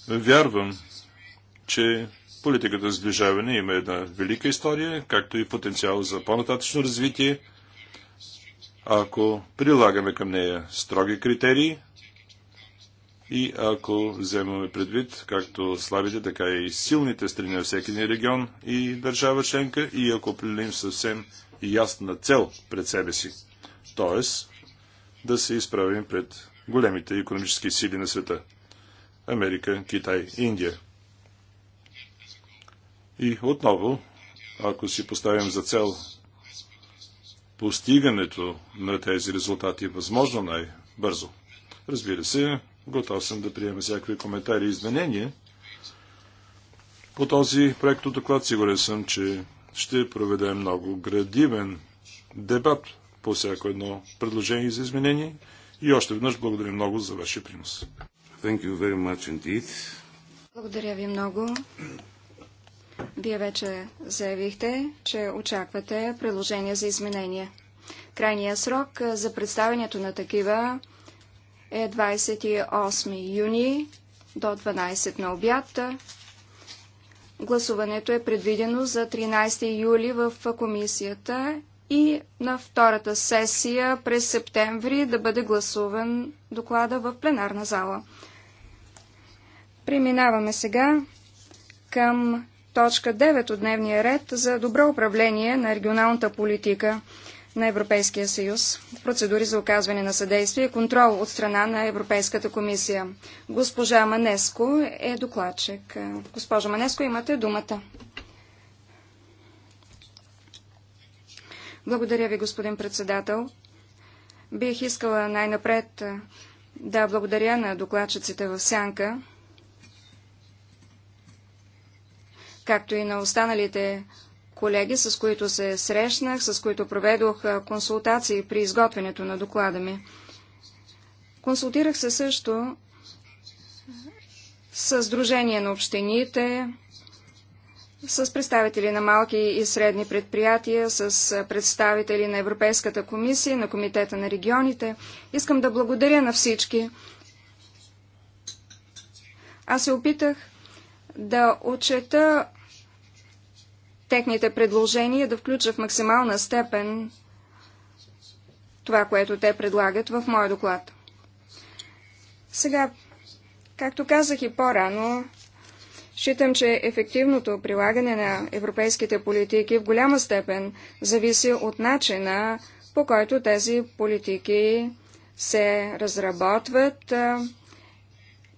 Вярвам, че политиката за сближаване има една велика история, както и потенциал за по-нататъчно развитие. Ако прилагаме към нея строги критерии, и ако вземаме предвид както слабите, така и силните страни на всеки ни регион и държава членка, и ако определим съвсем ясна цел пред себе си, т.е. да се изправим пред големите економически сили на света – Америка, Китай, Индия. И отново, ако си поставим за цел постигането на тези резултати възможно най-бързо. Разбира се, Готов съм да приема всякакви коментари и изменения. По този проект доклад сигурен съм, че ще проведе много градивен дебат по всяко едно предложение за изменение. И още веднъж благодаря много за вашия принос. Благодаря ви много. Вие вече заявихте, че очаквате предложения за изменения. Крайният срок за представянето на такива е 28 юни до 12 на обяд. Гласуването е предвидено за 13 юли в комисията и на втората сесия през септември да бъде гласуван доклада в пленарна зала. Преминаваме сега към точка 9 от дневния ред за добро управление на регионалната политика на Европейския съюз, процедури за оказване на съдействие и контрол от страна на Европейската комисия. Госпожа Манеско е докладчик. Госпожа Манеско, имате думата. Благодаря ви, господин председател. Бих искала най-напред да благодаря на докладчиците в Сянка, както и на останалите колеги, с които се срещнах, с които проведох консултации при изготвянето на доклада ми. Консултирах се също с дружение на общините, с представители на малки и средни предприятия, с представители на Европейската комисия, на Комитета на регионите. Искам да благодаря на всички. Аз се опитах да отчета техните предложения да включа в максимална степен това, което те предлагат в моя доклад. Сега, както казах и по-рано, считам, че ефективното прилагане на европейските политики в голяма степен зависи от начина, по който тези политики се разработват,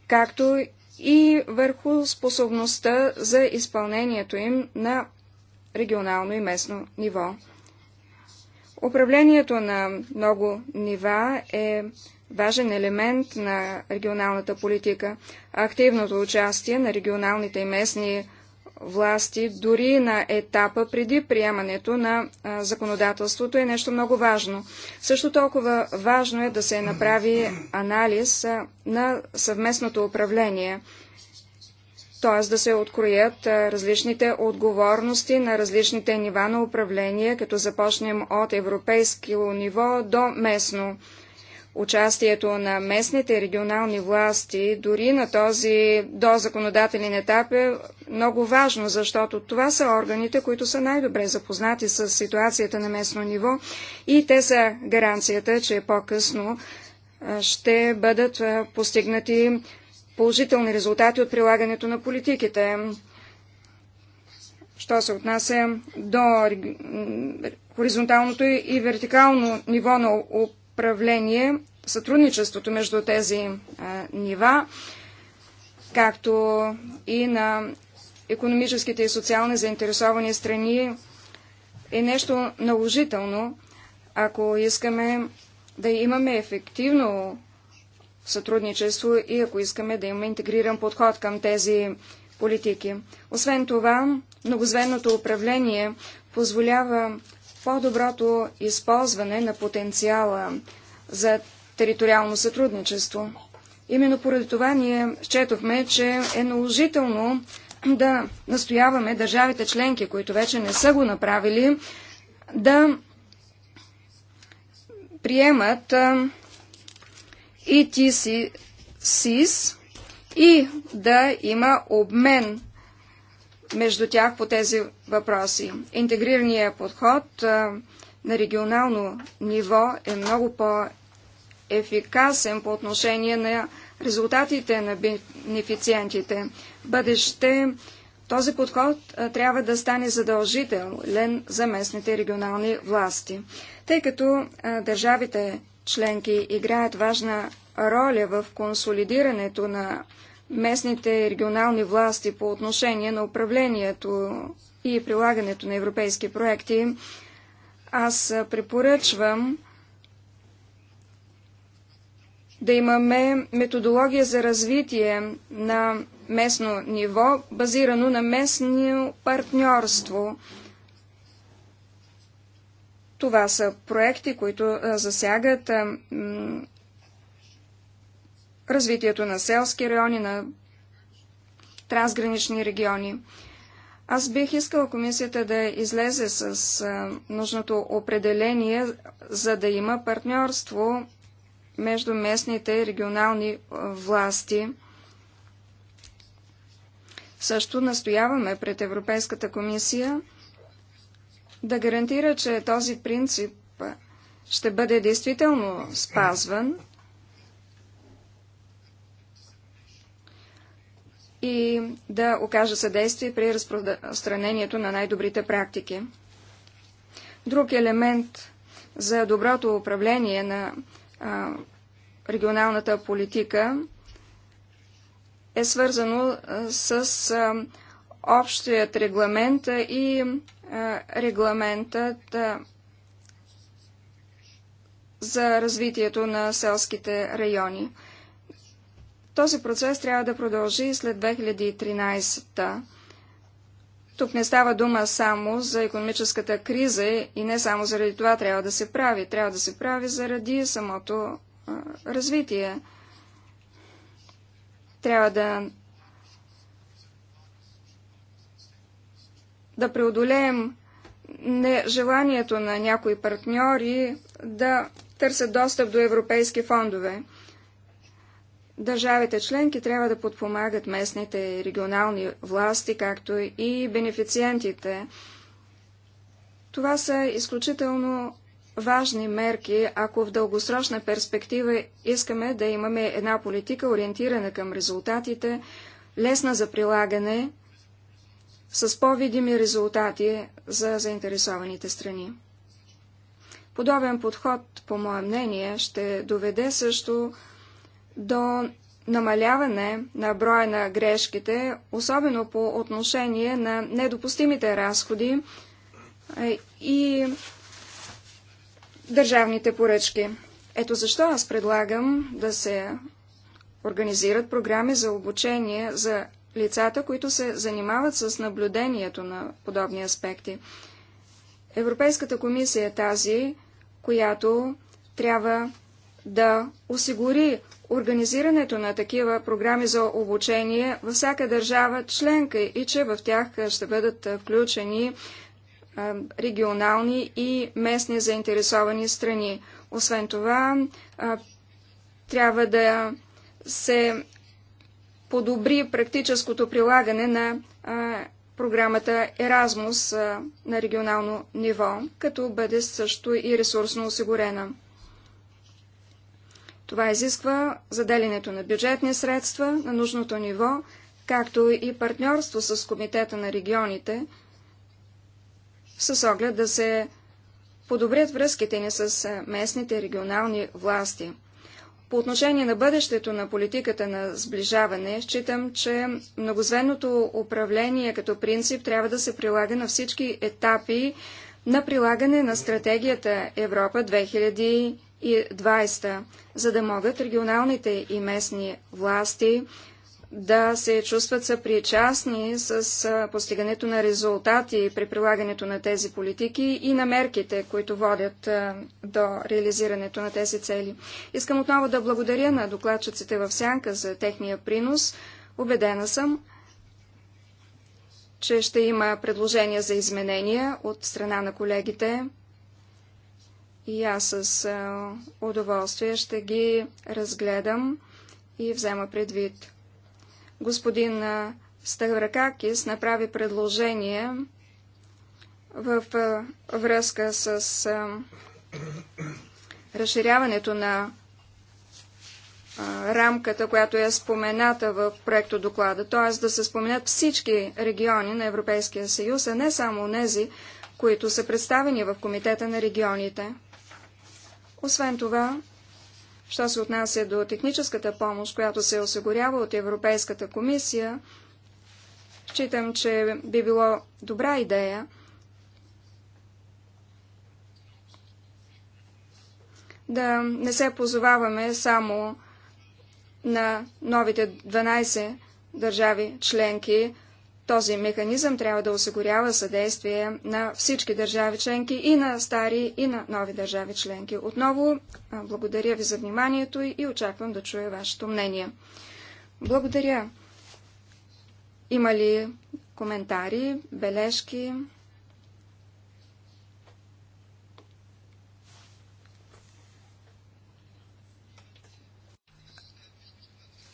както и върху способността за изпълнението им на регионално и местно ниво. Управлението на много нива е важен елемент на регионалната политика. Активното участие на регионалните и местни власти, дори на етапа преди приемането на законодателството е нещо много важно. Също толкова важно е да се направи анализ на съвместното управление т.е. да се откроят различните отговорности на различните нива на управление, като започнем от европейско ниво до местно. Участието на местните и регионални власти, дори на този до законодателен етап е много важно, защото това са органите, които са най-добре запознати с ситуацията на местно ниво и те са гаранцията, че по-късно ще бъдат постигнати положителни резултати от прилагането на политиките. Що се отнася до хоризонталното и вертикално ниво на управление, сътрудничеството между тези нива, както и на економическите и социални заинтересовани страни, е нещо наложително, ако искаме да имаме ефективно сътрудничество и ако искаме да имаме интегриран подход към тези политики. Освен това, многозвенното управление позволява по-доброто използване на потенциала за териториално сътрудничество. Именно поради това ние счетохме, че е наложително да настояваме държавите членки, които вече не са го направили, да приемат и сис и да има обмен между тях по тези въпроси. Интегрираният подход а, на регионално ниво е много по-ефикасен по отношение на резултатите на бенефициентите. Бъдеще този подход а, трябва да стане задължителен за местните регионални власти, тъй като а, държавите членки играят важна роля в консолидирането на местните и регионални власти по отношение на управлението и прилагането на европейски проекти, аз препоръчвам да имаме методология за развитие на местно ниво, базирано на местно партньорство – това са проекти, които засягат развитието на селски райони, на трансгранични региони. Аз бих искал комисията да излезе с нужното определение, за да има партньорство между местните и регионални власти. Също настояваме пред Европейската комисия да гарантира, че този принцип ще бъде действително спазван и да окаже съдействие при разпространението на най-добрите практики. Друг елемент за доброто управление на а, регионалната политика е свързано а, с а, общият регламент и регламентът за развитието на селските райони. Този процес трябва да продължи след 2013 -та. Тук не става дума само за економическата криза и не само заради това трябва да се прави. Трябва да се прави заради самото развитие. Трябва да да преодолеем нежеланието на някои партньори да търсят достъп до европейски фондове. Държавите членки трябва да подпомагат местните и регионални власти, както и бенефициентите. Това са изключително важни мерки, ако в дългосрочна перспектива искаме да имаме една политика ориентирана към резултатите, лесна за прилагане – с по-видими резултати за заинтересованите страни. Подобен подход, по мое мнение, ще доведе също до намаляване на броя на грешките, особено по отношение на недопустимите разходи и държавните поръчки. Ето защо аз предлагам да се организират програми за обучение за лицата, които се занимават с наблюдението на подобни аспекти. Европейската комисия е тази, която трябва да осигури организирането на такива програми за обучение във всяка държава членка и че в тях ще бъдат включени регионални и местни заинтересовани страни. Освен това, трябва да се подобри практическото прилагане на програмата Еразмус на регионално ниво, като бъде също и ресурсно осигурена. Това изисква заделянето на бюджетни средства на нужното ниво, както и партньорство с Комитета на регионите, с оглед да се подобрят връзките ни с местните регионални власти – по отношение на бъдещето на политиката на сближаване, считам, че многозвенното управление като принцип трябва да се прилага на всички етапи на прилагане на стратегията Европа 2020, за да могат регионалните и местни власти да се чувстват съпричастни с постигането на резултати при прилагането на тези политики и на мерките, които водят до реализирането на тези цели. Искам отново да благодаря на докладчиците в Сянка за техния принос. Обедена съм, че ще има предложения за изменения от страна на колегите. И аз с удоволствие ще ги разгледам и взема предвид господин Ставракакис направи предложение в връзка с разширяването на рамката, която е спомената в проекто доклада, т.е. да се споменят всички региони на Европейския съюз, а не само нези, които са представени в Комитета на регионите. Освен това, Що се отнася до техническата помощ, която се осигурява от Европейската комисия, считам, че би било добра идея да не се позоваваме само на новите 12 държави членки, този механизъм трябва да осигурява съдействие на всички държави членки и на стари, и на нови държави членки. Отново благодаря ви за вниманието и очаквам да чуя вашето мнение. Благодаря. Има ли коментари, бележки?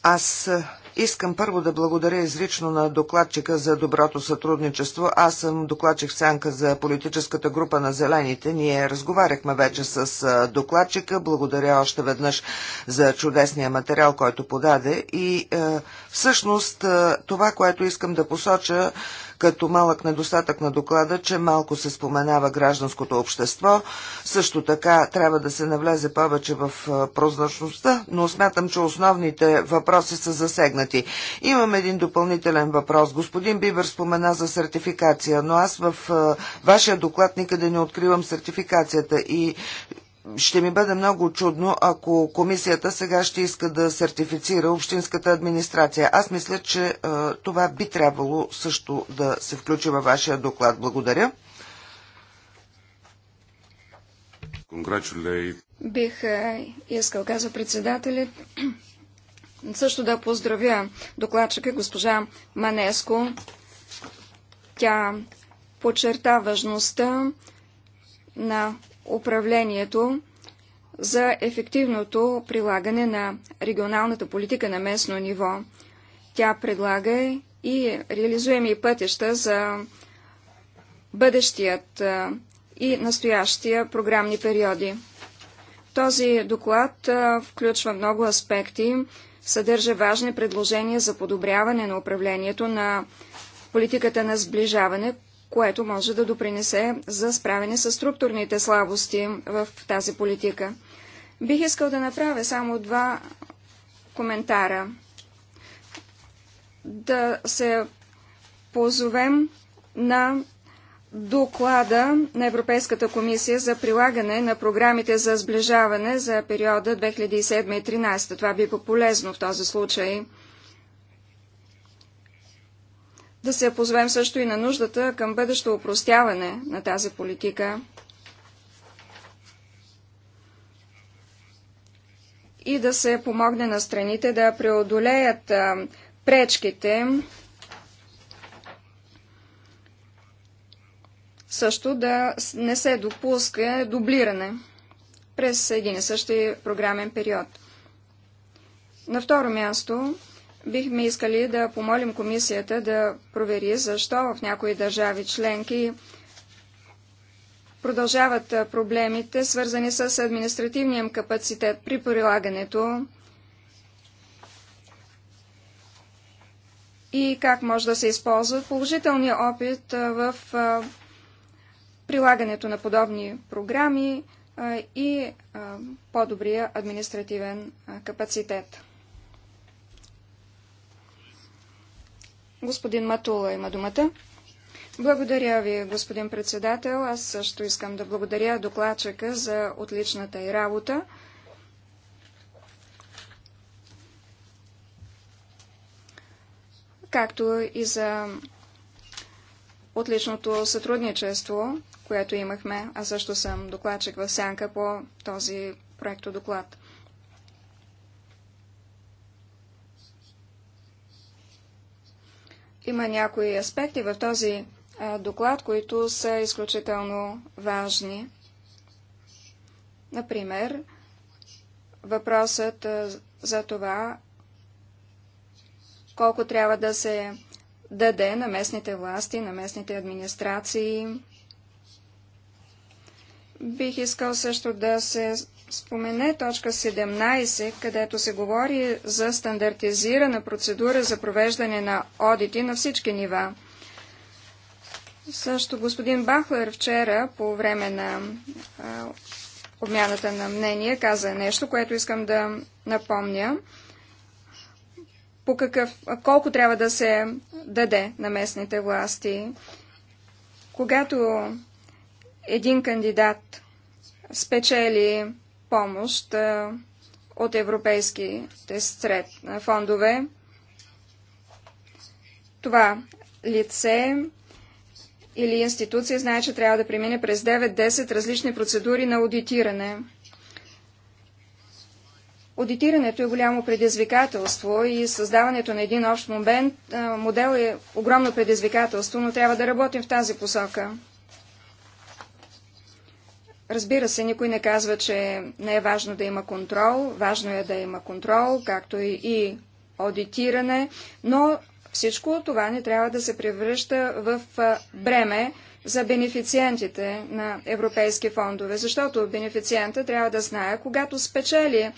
Аз Искам първо да благодаря изрично на докладчика за доброто сътрудничество. Аз съм докладчик в сянка за политическата група на Зелените. Ние разговаряхме вече с докладчика. Благодаря още веднъж за чудесния материал, който подаде. И е, всъщност това, което искам да посоча, като малък недостатък на доклада, че малко се споменава гражданското общество. Също така трябва да се навлезе повече в прозрачността, но смятам, че основните въпроси са засегнати. Имам един допълнителен въпрос. Господин Бивър спомена за сертификация, но аз в вашия доклад никъде не откривам сертификацията и ще ми бъде много чудно, ако комисията сега ще иска да сертифицира общинската администрация. Аз мисля, че е, това би трябвало също да се включи във вашия доклад. Благодаря. Бих е, искал, каза председателят, също да поздравя докладчика госпожа Манеско. Тя подчерта важността на управлението за ефективното прилагане на регионалната политика на местно ниво. Тя предлага и реализуеми пътища за бъдещият и настоящия програмни периоди. Този доклад включва много аспекти, съдържа важни предложения за подобряване на управлението на политиката на сближаване, което може да допринесе за справяне с структурните слабости в тази политика. Бих искал да направя само два коментара. Да се позовем на доклада на Европейската комисия за прилагане на програмите за сближаване за периода 2007-2013. Това би по полезно в този случай. Да се позовем също и на нуждата към бъдещо упростяване на тази политика. И да се помогне на страните да преодолеят пречките, също да не се допуска дублиране през един и същи програмен период. На второ място Бихме искали да помолим комисията да провери защо в някои държави членки продължават проблемите, свързани с административния капацитет при прилагането и как може да се използва положителния опит в прилагането на подобни програми и по-добрия административен капацитет. Господин Матула има думата. Благодаря ви, господин председател. Аз също искам да благодаря докладчика за отличната и работа. както и за отличното сътрудничество, което имахме. Аз също съм докладчик в Сянка по този проект доклад. Има някои аспекти в този доклад, които са изключително важни. Например, въпросът за това, колко трябва да се даде на местните власти, на местните администрации. Бих искал също да се спомене точка 17, където се говори за стандартизирана процедура за провеждане на одити на всички нива. Също господин Бахлер вчера по време на а, обмяната на мнение каза нещо, което искам да напомня. По какъв, колко трябва да се даде на местните власти, когато един кандидат спечели помощ от европейските фондове. Това лице или институция знае, че трябва да премине през 9-10 различни процедури на аудитиране. Аудитирането е голямо предизвикателство и създаването на един общ момент, модел е огромно предизвикателство, но трябва да работим в тази посока. Разбира се, никой не казва, че не е важно да има контрол. Важно е да има контрол, както и, и аудитиране, но всичко това не трябва да се превръща в бреме за бенефициентите на европейски фондове, защото бенефициента трябва да знае, когато спечели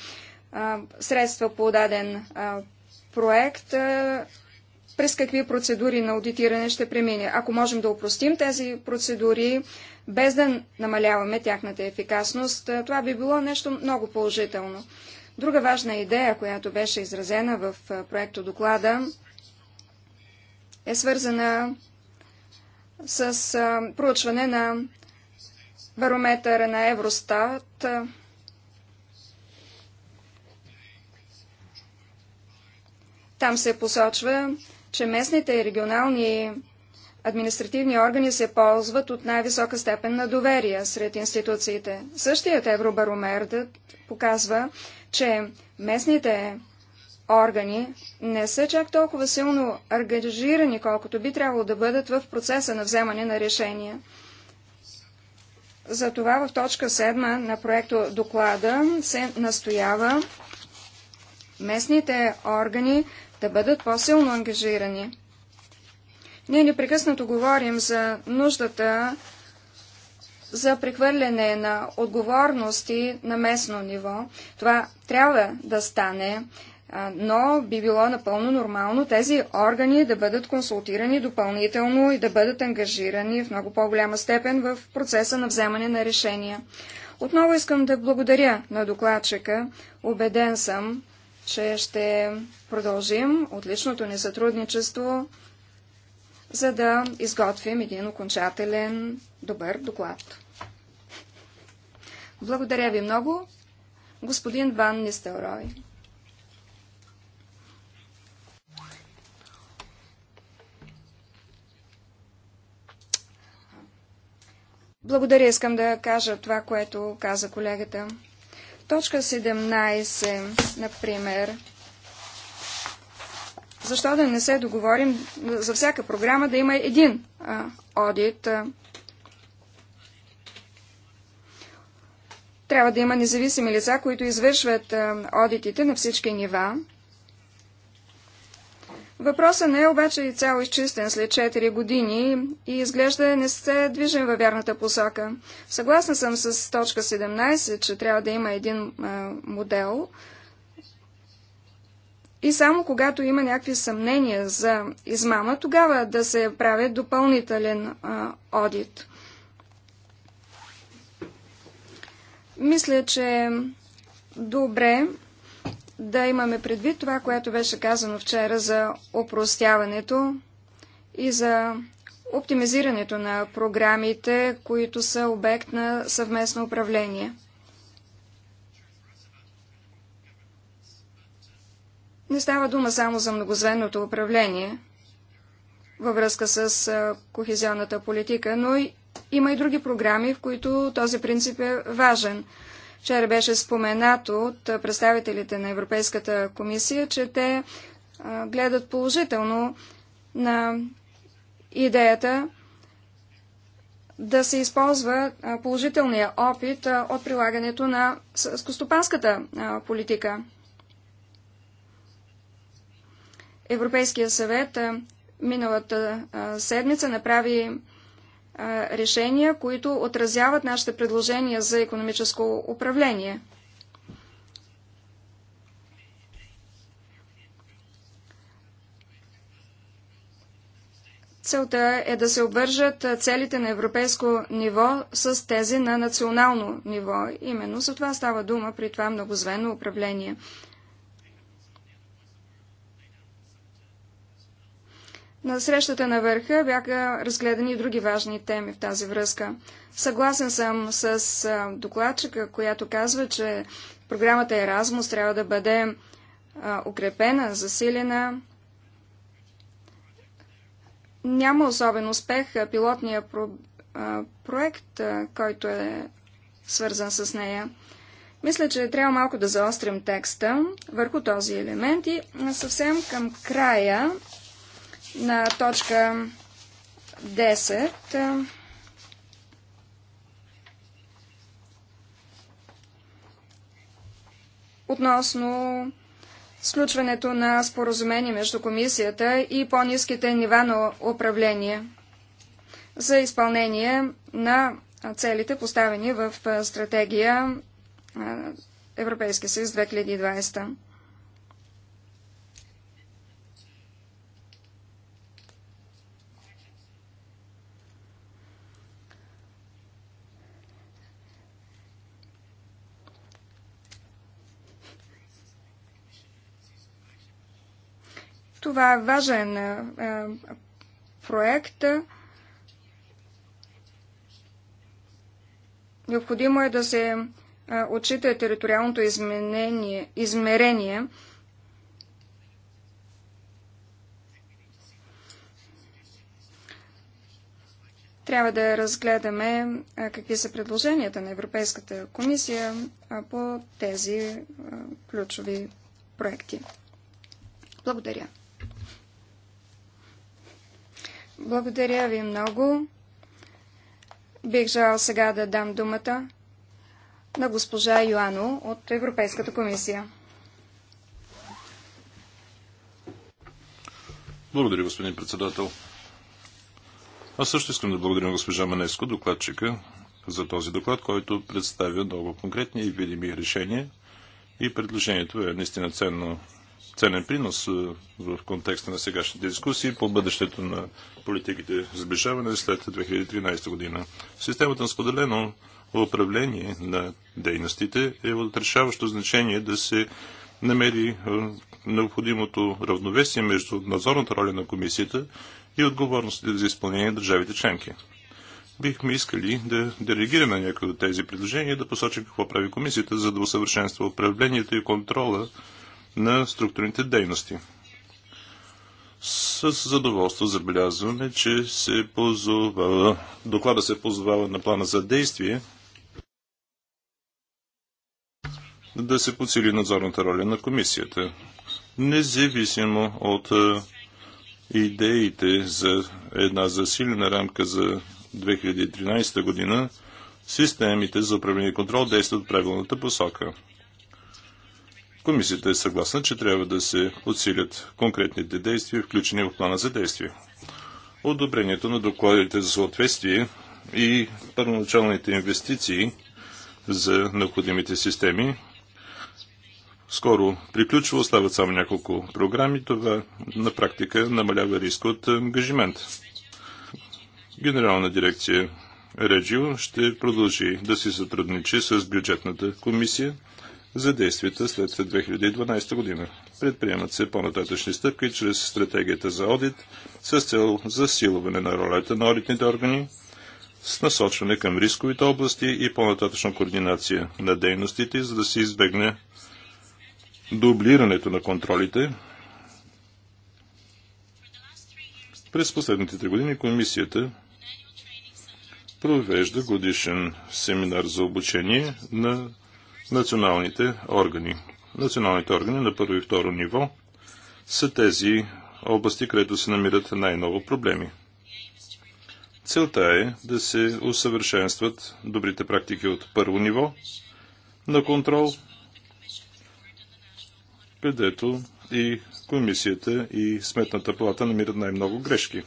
а, средства по даден а, проект, а, през какви процедури на аудитиране ще премине. Ако можем да упростим тези процедури, без да намаляваме тяхната ефикасност, това би било нещо много положително. Друга важна идея, която беше изразена в проекто доклада, е свързана с проучване на барометъра на Евростат, Там се посочва, че местните и регионални административни органи се ползват от най-висока степен на доверие сред институциите. Същият евробарометр показва, че местните органи не са чак толкова силно ангажирани, колкото би трябвало да бъдат в процеса на вземане на решения. Затова в точка 7 на проекто доклада се настоява местните органи да бъдат по-силно ангажирани. Ние непрекъснато говорим за нуждата за прехвърляне на отговорности на местно ниво. Това трябва да стане, но би било напълно нормално тези органи да бъдат консултирани допълнително и да бъдат ангажирани в много по-голяма степен в процеса на вземане на решения. Отново искам да благодаря на докладчика. Обеден съм, че ще продължим отличното ни сътрудничество, за да изготвим един окончателен добър доклад. Благодаря ви много, господин Ван Нистелрой. Благодаря, искам да кажа това, което каза колегата. Точка 17, например, защо да не се договорим за всяка програма да има един а, одит? Трябва да има независими лица, които извършват а, одитите на всички нива. Въпросът не е обаче и цяло изчистен след 4 години и изглежда не се движим във вярната посока. Съгласна съм с точка 17, че трябва да има един а, модел – и само когато има някакви съмнения за измама, тогава да се прави допълнителен а, одит. Мисля, че добре да имаме предвид това, което беше казано вчера за опростяването и за оптимизирането на програмите, които са обект на съвместно управление. Не става дума само за многозвенното управление във връзка с кохезионната политика, но и, има и други програми, в които този принцип е важен. Вчера беше споменато от представителите на Европейската комисия, че те а, гледат положително на идеята да се използва положителния опит от прилагането на скостопанската политика. Европейския съвет миналата седмица направи решения, които отразяват нашите предложения за економическо управление. Целта е да се обвържат целите на европейско ниво с тези на национално ниво. Именно за това става дума при това многозвено управление. На срещата на върха бяха разгледани и други важни теми в тази връзка. Съгласен съм с докладчика, която казва, че програмата Еразмус трябва да бъде укрепена, засилена. Няма особен успех пилотния про, проект, който е свързан с нея. Мисля, че трябва малко да заострим текста върху този елемент и съвсем към края на точка 10. Относно сключването на споразумение между комисията и по-низките нива на управление за изпълнение на целите поставени в стратегия Европейски съюз 2020. Това е важен а, е, е, проект. Необходимо е да се а, е, отчита териториалното измерение. Трябва да разгледаме а, какви са предложенията на Европейската комисия а, по тези ключови проекти. Благодаря. Благодаря ви много. Бих желал сега да дам думата на госпожа Йоано от Европейската комисия. Благодаря, господин председател. Аз също искам да благодаря госпожа Манеско, докладчика, за този доклад, който представя много конкретни и видими решения и предложението е наистина ценно ценен принос е, в контекста на сегашните дискусии по бъдещето на политиките за сближаване след 2013 година. Системата на споделено управление на дейностите е от решаващо значение да се намери е, необходимото равновесие между надзорната роля на комисията и отговорностите за изпълнение на държавите членки. Бихме искали да делегираме някои от тези предложения и да посочим какво прави комисията, за да усъвършенства управлението и контрола на структурните дейности. С задоволство забелязваме, че се позовава, доклада се позовава на плана за действие да се подсили надзорната роля на комисията. Независимо от идеите за една засилена рамка за 2013 година, системите за управление и контрол действат в правилната посока. Комисията е съгласна, че трябва да се отсилят конкретните действия, включени в плана за действие. Одобрението на докладите за съответствие и първоначалните инвестиции за необходимите системи скоро приключва, остават само няколко програми. Това на практика намалява риск от ангажимент. Генерална дирекция Реджио ще продължи да си сътрудничи с бюджетната комисия за действията след 2012 година. Предприемат се по-нататъчни стъпки чрез стратегията за одит с цел засилване на ролята на одитните органи, с насочване към рисковите области и по-нататъчна координация на дейностите, за да се избегне дублирането на контролите. През последните три години комисията провежда годишен семинар за обучение на националните органи. Националните органи на първо и второ ниво са тези области, където се намират най-ново проблеми. Целта е да се усъвършенстват добрите практики от първо ниво на контрол, където и комисията и сметната плата намират най-много грешки.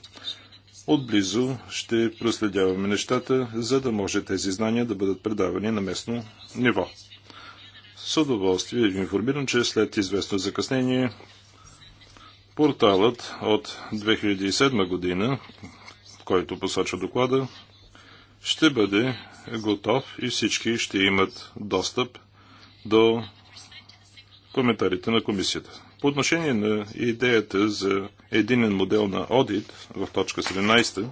Отблизо ще проследяваме нещата, за да може тези знания да бъдат предавани на местно ниво. С удоволствие да ви информирам, че след известно закъснение порталът от 2007 година, който посочва доклада, ще бъде готов и всички ще имат достъп до коментарите на комисията. По отношение на идеята за единен модел на одит в точка 17,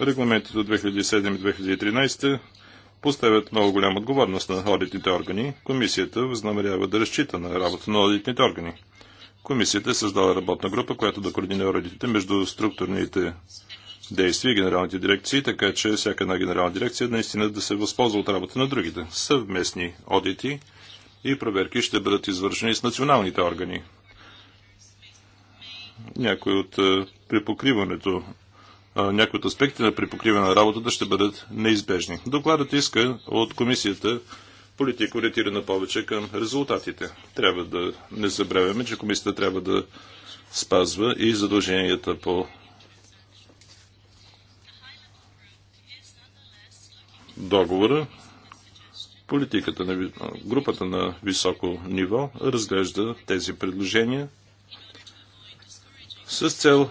Регламентите от 2007 и 2013 поставят много голяма отговорност на одитните органи. Комисията възнамерява да разчита на работа на одитните органи. Комисията е създала работна група, която да координира одитите между структурните действия и генералните дирекции, така че всяка една генерална дирекция наистина да се възползва от работа на другите. Съвместни одити и проверки ще бъдат извършени с националните органи. Някой от е, припокриването някои от аспекти на припокриване на работата ще бъдат неизбежни. Докладът иска от комисията политика ориентирана повече към резултатите. Трябва да не забравяме, че комисията трябва да спазва и задълженията по договора. Политиката на групата на високо ниво разглежда тези предложения с цел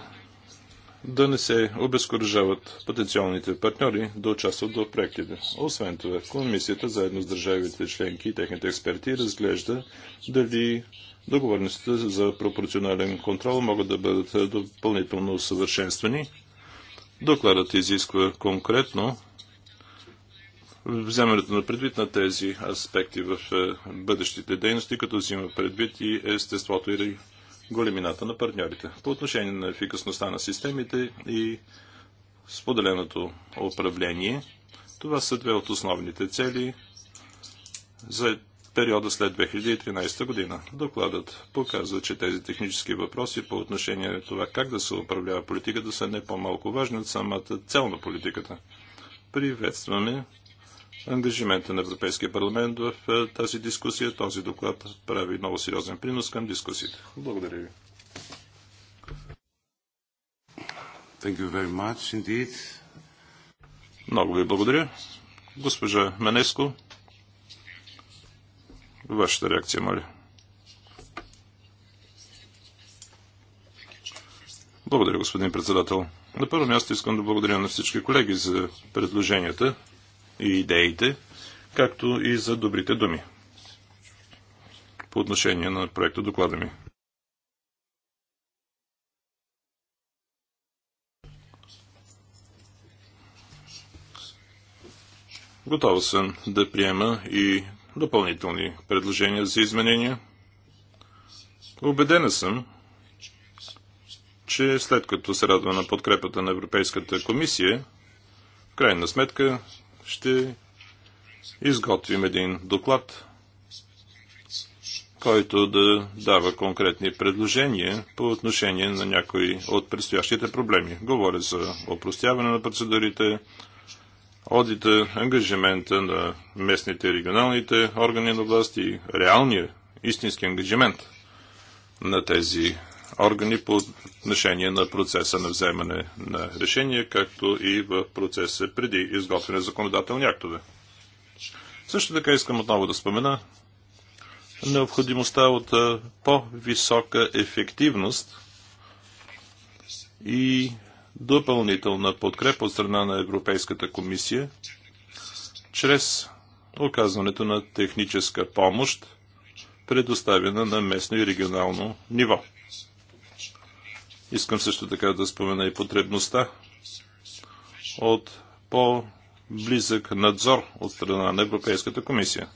да не се обезкуражават потенциалните партньори да участват в проектите. Освен това, комисията заедно с държавите членки и техните експерти разглежда дали договорностите за пропорционален контрол могат да бъдат допълнително усъвършенствани. Докладът изисква конкретно вземането на предвид на тези аспекти в е, бъдещите дейности, като взима предвид и естеството и големината на партньорите. По отношение на ефикасността на системите и споделеното управление, това са две от основните цели за периода след 2013 година. Докладът показва, че тези технически въпроси по отношение на това как да се управлява политиката са не по-малко важни от самата цел на политиката. Приветстваме ангажимента на Европейския парламент в е, тази дискусия. Този доклад прави много сериозен принос към дискусията. Благодаря ви. Thank you very much indeed. Много ви благодаря. Госпожа Менеско, вашата реакция, моля. Благодаря, господин председател. На първо място искам да благодаря на всички колеги за предложенията, и идеите, както и за добрите думи по отношение на проекта доклада ми. Готова съм да приема и допълнителни предложения за изменения. Обедена съм, че след като се радва на подкрепата на Европейската комисия, в крайна сметка ще изготвим един доклад, който да дава конкретни предложения по отношение на някои от предстоящите проблеми. Говоря за опростяване на процедурите, одита, ангажимента на местните и регионалните органи на власт и реалния, истински ангажимент на тези органи по отношение на процеса на вземане на решения, както и в процеса преди изготвяне на законодателни актове. Също така искам отново да спомена необходимостта от по-висока ефективност и допълнителна подкрепа от страна на Европейската комисия чрез оказването на техническа помощ, предоставена на местно и регионално ниво. Искам също така да спомена и потребността от по-близък надзор от страна на Европейската комисия.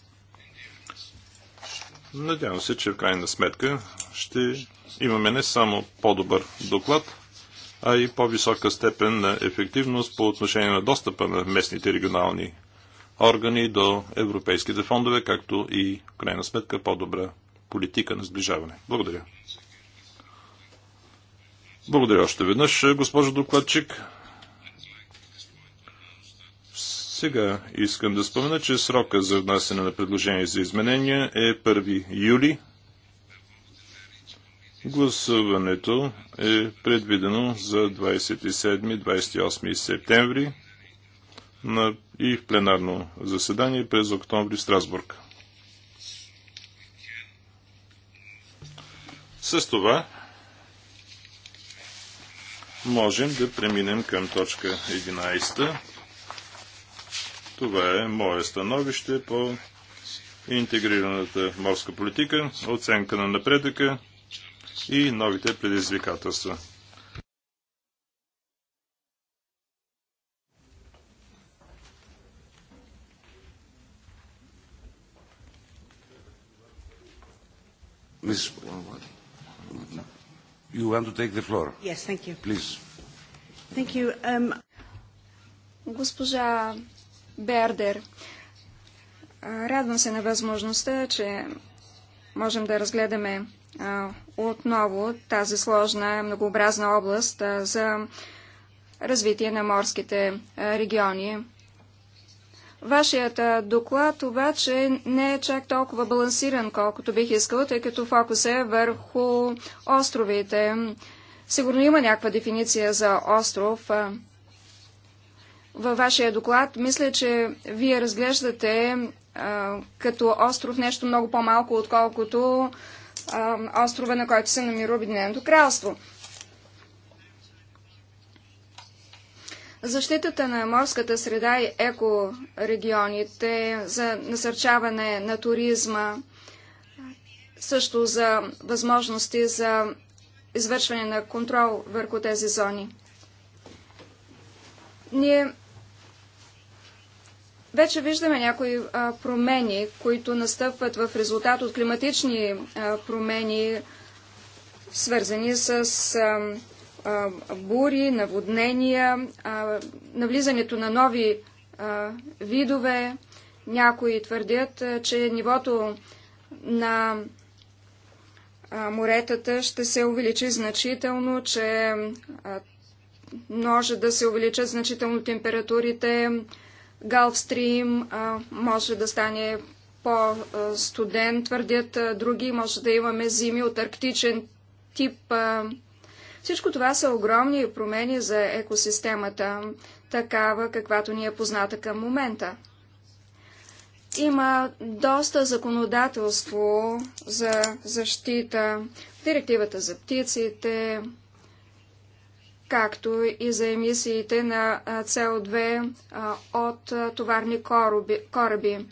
Надявам се, че в крайна сметка ще имаме не само по-добър доклад, а и по-висока степен на ефективност по отношение на достъпа на местните регионални органи до европейските фондове, както и в крайна сметка по-добра политика на сближаване. Благодаря. Благодаря още веднъж, госпожо докладчик. Сега искам да спомена, че срока за внасяне на предложение за изменения е 1 юли. Гласуването е предвидено за 27-28 септември на и в пленарно заседание през октомври в Страсбург. С това можем да преминем към точка 11. Това е мое становище по интегрираната морска политика, оценка на напредъка и новите предизвикателства. Мисля, You want to take the floor? Yes, thank you. Please. Thank you. Um... Госпожа Бердер, радвам се на възможността, че можем да разгледаме отново тази сложна, многообразна област за развитие на морските региони. Вашият доклад обаче не е чак толкова балансиран, колкото бих искал, тъй като фокус е върху островите. Сигурно има някаква дефиниция за остров. Във вашия доклад мисля, че вие разглеждате а, като остров нещо много по-малко, отколкото а, острова, на който се намира Обединеното кралство. Защитата на морската среда и екорегионите за насърчаване на туризма, също за възможности за извършване на контрол върху тези зони. Ние вече виждаме някои промени, които настъпват в резултат от климатични промени, свързани с бури, наводнения, навлизането на нови видове. Някои твърдят, че нивото на моретата ще се увеличи значително, че може да се увеличат значително температурите. Галфстрим може да стане по-студен, твърдят други. Може да имаме зими от арктичен тип всичко това са огромни промени за екосистемата, такава каквато ни е позната към момента. Има доста законодателство за защита, директивата за птиците, както и за емисиите на CO2 от товарни кораби.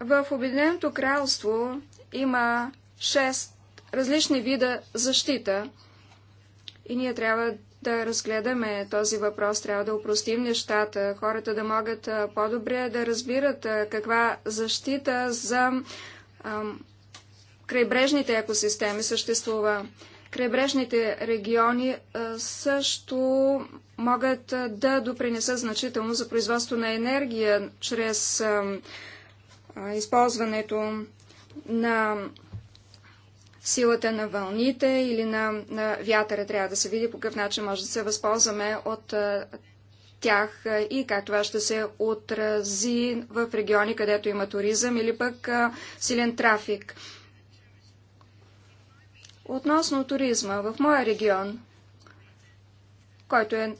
В Обединеното кралство има шест различни вида защита. И ние трябва да разгледаме този въпрос, трябва да упростим нещата, хората да могат по-добре да разбират каква защита за ам, крайбрежните екосистеми съществува. Крайбрежните региони също могат да допринесат значително за производство на енергия чрез а, използването на силата на вълните или на, на вятъра. Трябва да се види по какъв начин може да се възползваме от тях и как това ще се отрази в региони, където има туризъм или пък силен трафик. Относно туризма, в моя регион, който е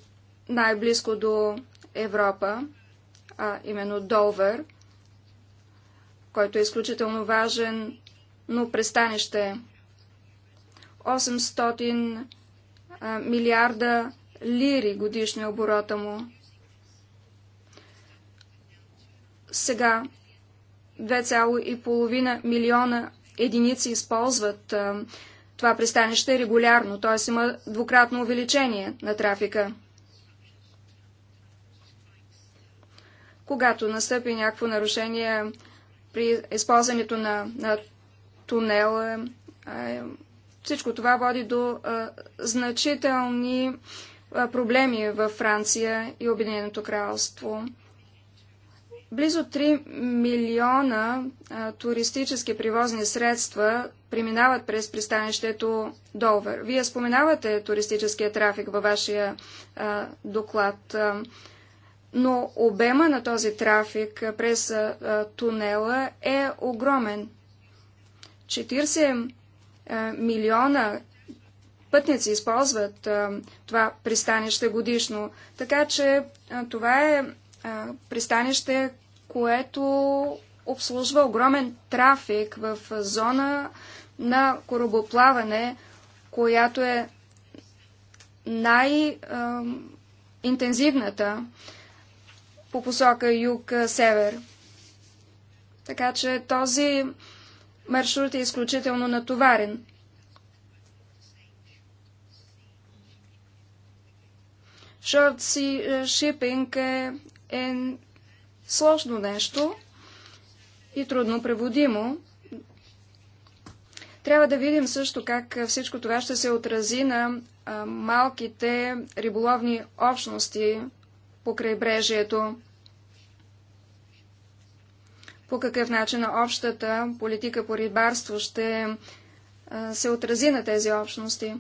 най-близко до Европа, а именно Долвер – който е изключително важен, но престанище. 800 милиарда лири годишния е оборота му. Сега 2,5 милиона единици използват това пристанище е регулярно, т.е. има двукратно увеличение на трафика. Когато настъпи някакво нарушение при използването на, на тунела. Е, всичко това води до е, значителни е, проблеми във Франция и Обединеното кралство. Близо 3 милиона а, туристически привозни средства преминават през пристанището Долвер. Вие споменавате туристическия трафик във вашия а, доклад. А, но обема на този трафик през тунела е огромен. 40 милиона пътници използват това пристанище годишно, така че това е пристанище, което обслужва огромен трафик в зона на корабоплаване, която е най-интензивната. Uh, по посока юг-север. Така че този маршрут е изключително натоварен. Short sea е, shipping е, е сложно нещо и трудно преводимо. Трябва да видим също как е, всичко това ще се отрази на малките риболовни общности, по крайбрежието. По какъв начин общата политика по рибарство ще се отрази на тези общности.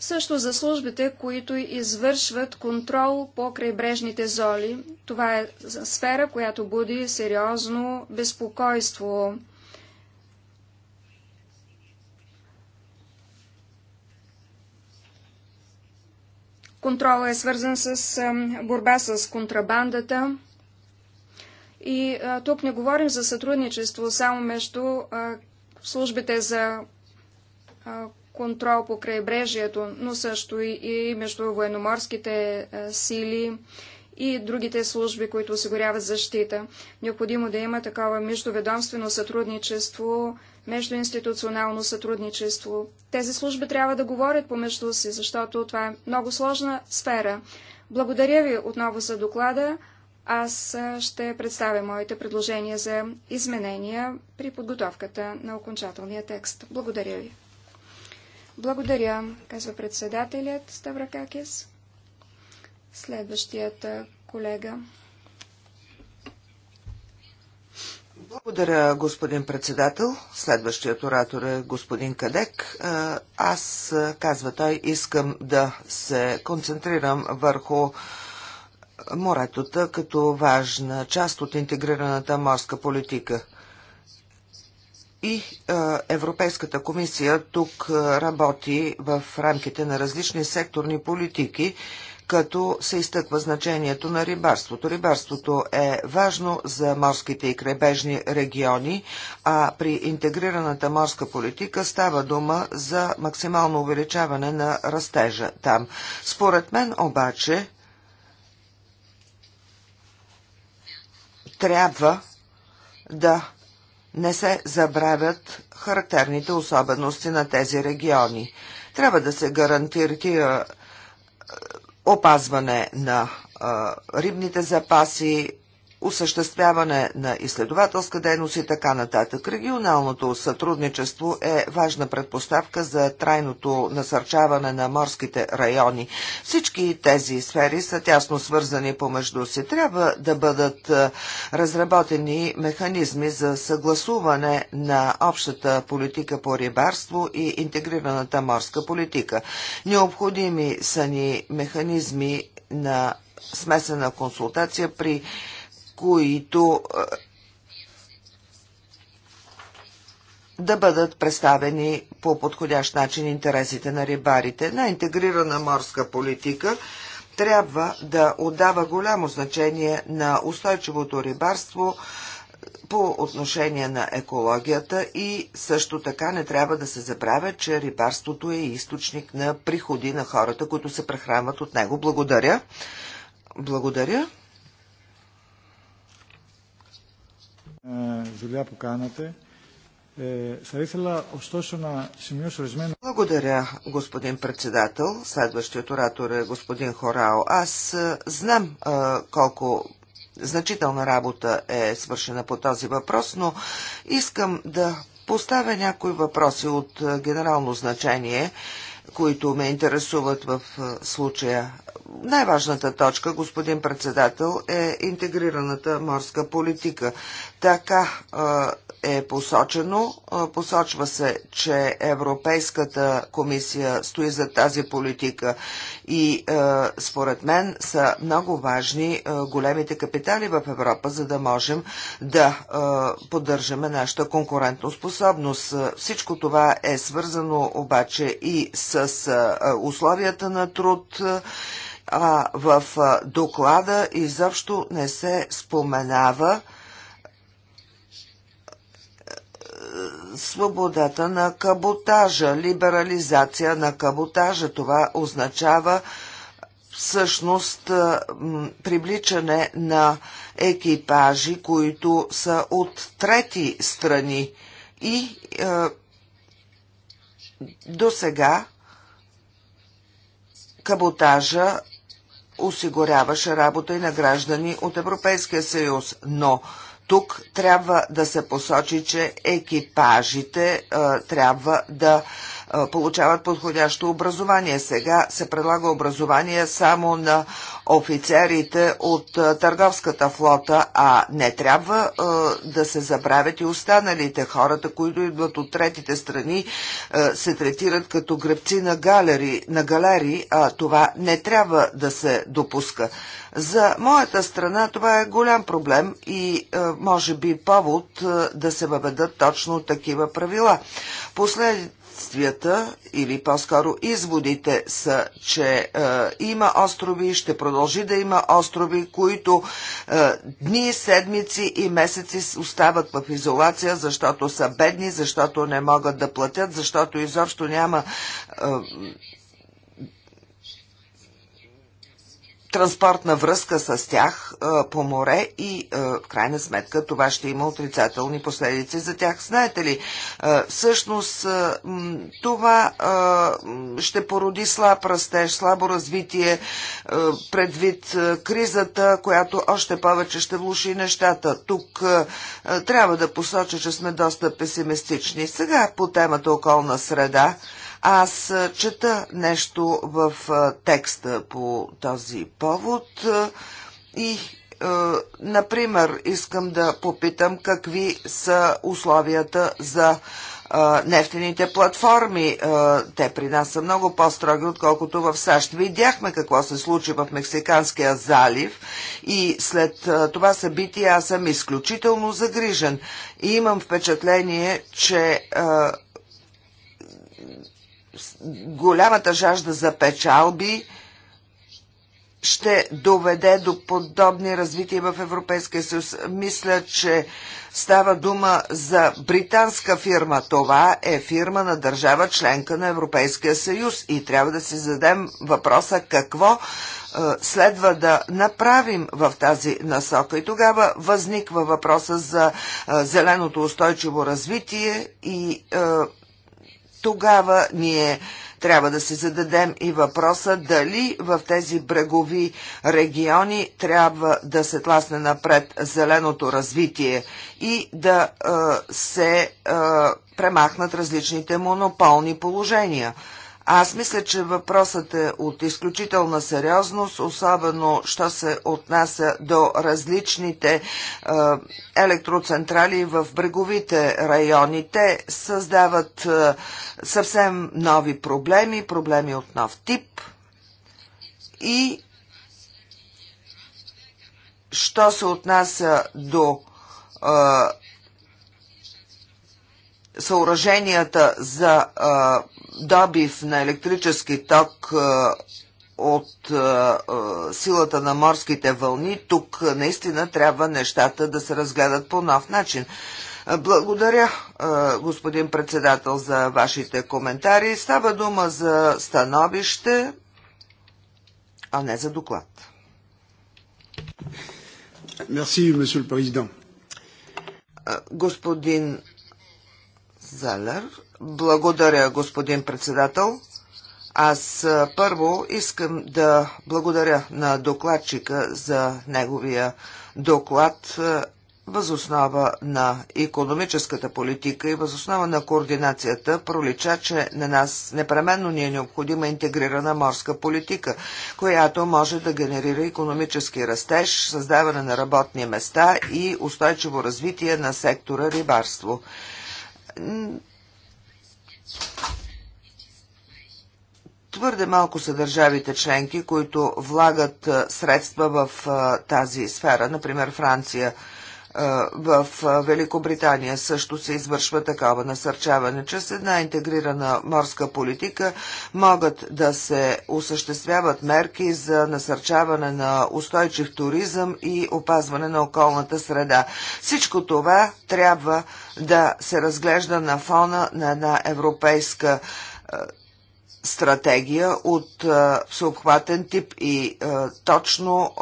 Също за службите, които извършват контрол по крайбрежните золи. Това е сфера, която буди сериозно безпокойство. Контрола е свързан с борба с контрабандата. И тук не говорим за сътрудничество само между службите за контрол по крайбрежието, но също и, между военноморските сили и другите служби, които осигуряват защита. Необходимо да има такова междуведомствено сътрудничество междуинституционално сътрудничество. Тези служби трябва да говорят помежду си, защото това е много сложна сфера. Благодаря ви отново за доклада. Аз ще представя моите предложения за изменения при подготовката на окончателния текст. Благодаря ви. Благодаря, казва председателят Ставракакис. Следващият колега. Благодаря, господин председател. Следващият оратор е господин Кадек. Аз, казва той, искам да се концентрирам върху моретота като важна част от интегрираната морска политика. И Европейската комисия тук работи в рамките на различни секторни политики, като се изтъква значението на рибарството. Рибарството е важно за морските и крайбежни региони, а при интегрираната морска политика става дума за максимално увеличаване на растежа там. Според мен обаче трябва да не се забравят характерните особености на тези региони. Трябва да се гарантира опазване на рибните запаси, осъществяване на изследователска дейност и така нататък. Регионалното сътрудничество е важна предпоставка за трайното насърчаване на морските райони. Всички тези сфери са тясно свързани помежду си. Трябва да бъдат е, разработени механизми за съгласуване на общата политика по рибарство и интегрираната морска политика. Необходими са ни механизми на смесена консултация при които да бъдат представени по подходящ начин интересите на рибарите. На интегрирана морска политика трябва да отдава голямо значение на устойчивото рибарство по отношение на екологията и също така не трябва да се забравя, че рибарството е източник на приходи на хората, които се прехранват от него. Благодаря. Благодаря. δουλειά που κάνατε. Θα ήθελα ωστόσο να σημειώσω ορισμένα. Благодаря, господин председател. Следващият оратор е господин Хорао. Аз е, знам а, е, колко значителна работа е свършена по този въпрос, но искам да поставя някои въпроси от е, генерално значение, които ме интересуват в случая най-важната точка, господин председател, е интегрираната морска политика. Така е посочено. Посочва се, че Европейската комисия стои за тази политика и според мен са много важни големите капитали в Европа, за да можем да поддържаме нашата конкурентоспособност. Всичко това е свързано обаче и с условията на труд а в доклада изобщо не се споменава свободата на каботажа, либерализация на каботажа. Това означава всъщност привличане на екипажи, които са от трети страни. И е, до сега каботажа осигуряваше работа и на граждани от Европейския съюз. Но тук трябва да се посочи, че екипажите а, трябва да получават подходящо образование. Сега се предлага образование само на офицерите от търговската флота, а не трябва да се забравят и останалите хората, които идват от третите страни, се третират като гребци на галери, на галери, а това не трябва да се допуска. За моята страна това е голям проблем и може би повод да се въведат точно такива правила. Послед, Следствията или по-скоро изводите са, че е, има острови, ще продължи да има острови, които е, дни, седмици и месеци остават в изолация, защото са бедни, защото не могат да платят, защото изобщо няма е, транспортна връзка с тях по море и в крайна сметка това ще има отрицателни последици за тях. Знаете ли, всъщност това ще породи слаб растеж, слабо развитие предвид кризата, която още повече ще влуши нещата. Тук трябва да посоча, че сме доста песимистични. Сега по темата околна среда. Аз чета нещо в текста по този повод и например, искам да попитам какви са условията за нефтените платформи. Те при нас са много по-строги, отколкото в САЩ. Видяхме какво се случи в Мексиканския залив и след това събитие аз съм изключително загрижен. И имам впечатление, че голямата жажда за печалби ще доведе до подобни развития в Европейския съюз. Мисля, че става дума за британска фирма. Това е фирма на държава членка на Европейския съюз и трябва да си зададем въпроса какво е, следва да направим в тази насока. И тогава възниква въпроса за е, зеленото устойчиво развитие и е, тогава ние трябва да си зададем и въпроса дали в тези брегови региони трябва да се тласне напред зеленото развитие и да е, се е, премахнат различните монополни положения. Аз мисля, че въпросът е от изключителна сериозност, особено що се отнася до различните е, електроцентрали в бреговите райони. Те създават е, съвсем нови проблеми, проблеми от нов тип и що се отнася до е, съоръженията за а, добив на електрически ток а, от а, силата на морските вълни, тук наистина трябва нещата да се разгледат по нов начин. Благодаря, господин председател, за вашите коментари. Става дума за становище, а не за доклад. Мерси, президент. Господин Залер. Благодаря, господин председател. Аз първо искам да благодаря на докладчика за неговия доклад възоснова на економическата политика и възоснова на координацията пролича, че на нас непременно ни е необходима интегрирана морска политика, която може да генерира економически растеж, създаване на работни места и устойчиво развитие на сектора рибарство. Твърде малко са държавите членки, които влагат средства в тази сфера, например Франция – в Великобритания също се извършва такава насърчаване. Чрез една интегрирана морска политика могат да се осъществяват мерки за насърчаване на устойчив туризъм и опазване на околната среда. Всичко това трябва да се разглежда на фона на една европейска стратегия от всеобхватен тип и точно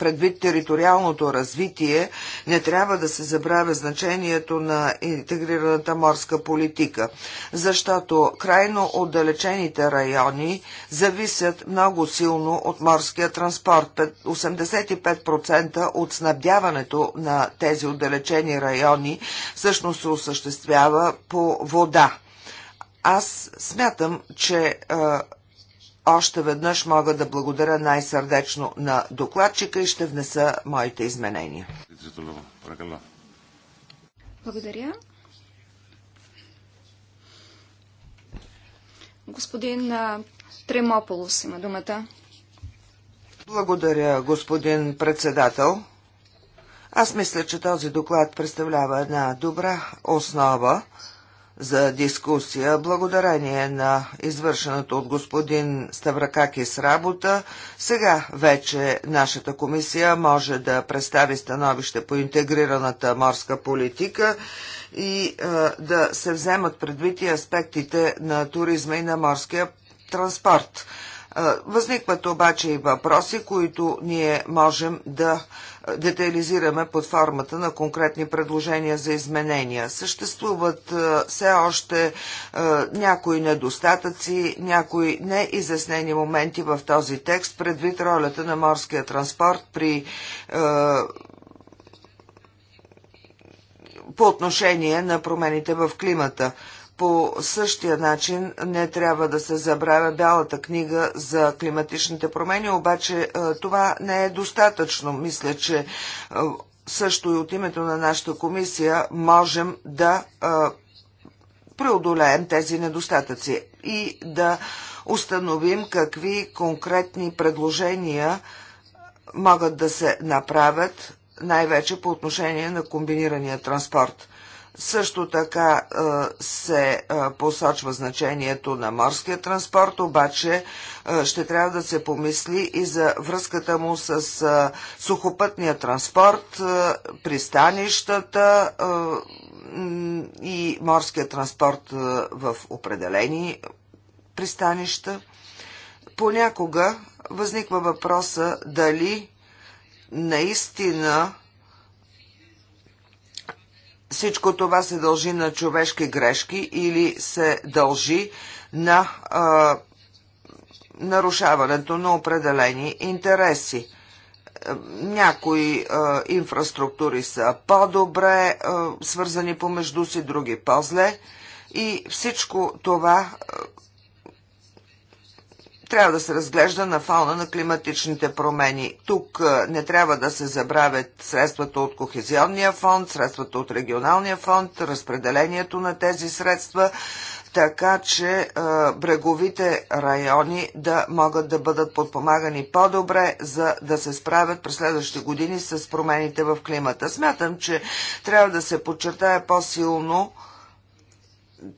предвид териториалното развитие, не трябва да се забравя значението на интегрираната морска политика, защото крайно отдалечените райони зависят много силно от морския транспорт. 85% от снабдяването на тези отдалечени райони всъщност се осъществява по вода. Аз смятам, че а, още веднъж мога да благодаря най-сърдечно на докладчика и ще внеса моите изменения. Благодаря. Господин Тремополос има думата. Благодаря, господин председател. Аз мисля, че този доклад представлява една добра основа за дискусия. Благодарение на извършената от господин Ставракакис работа, сега вече нашата комисия може да представи становище по интегрираната морска политика и е, да се вземат предвид и аспектите на туризма и на морския транспорт. Е, възникват обаче и въпроси, които ние можем да детализираме под формата на конкретни предложения за изменения. Съществуват е, все още е, някои недостатъци, някои неизяснени моменти в този текст, предвид ролята на морския транспорт при е, по отношение на промените в климата. По същия начин не трябва да се забравя бялата книга за климатичните промени, обаче е, това не е достатъчно. Мисля, че е, също и от името на нашата комисия можем да е, преодолеем тези недостатъци и да установим какви конкретни предложения могат да се направят най-вече по отношение на комбинирания транспорт. Също така се посочва значението на морския транспорт, обаче ще трябва да се помисли и за връзката му с сухопътния транспорт, пристанищата и морския транспорт в определени пристанища. Понякога възниква въпроса дали наистина всичко това се дължи на човешки грешки или се дължи на а, нарушаването на определени интереси. Е, някои а, инфраструктури са по-добре свързани помежду си, други по-зле. И всичко това трябва да се разглежда на фона на климатичните промени. Тук не трябва да се забравят средствата от Кохезионния фонд, средствата от Регионалния фонд, разпределението на тези средства, така че бреговите райони да могат да бъдат подпомагани по-добре, за да се справят през следващите години с промените в климата. Смятам, че трябва да се подчертая по-силно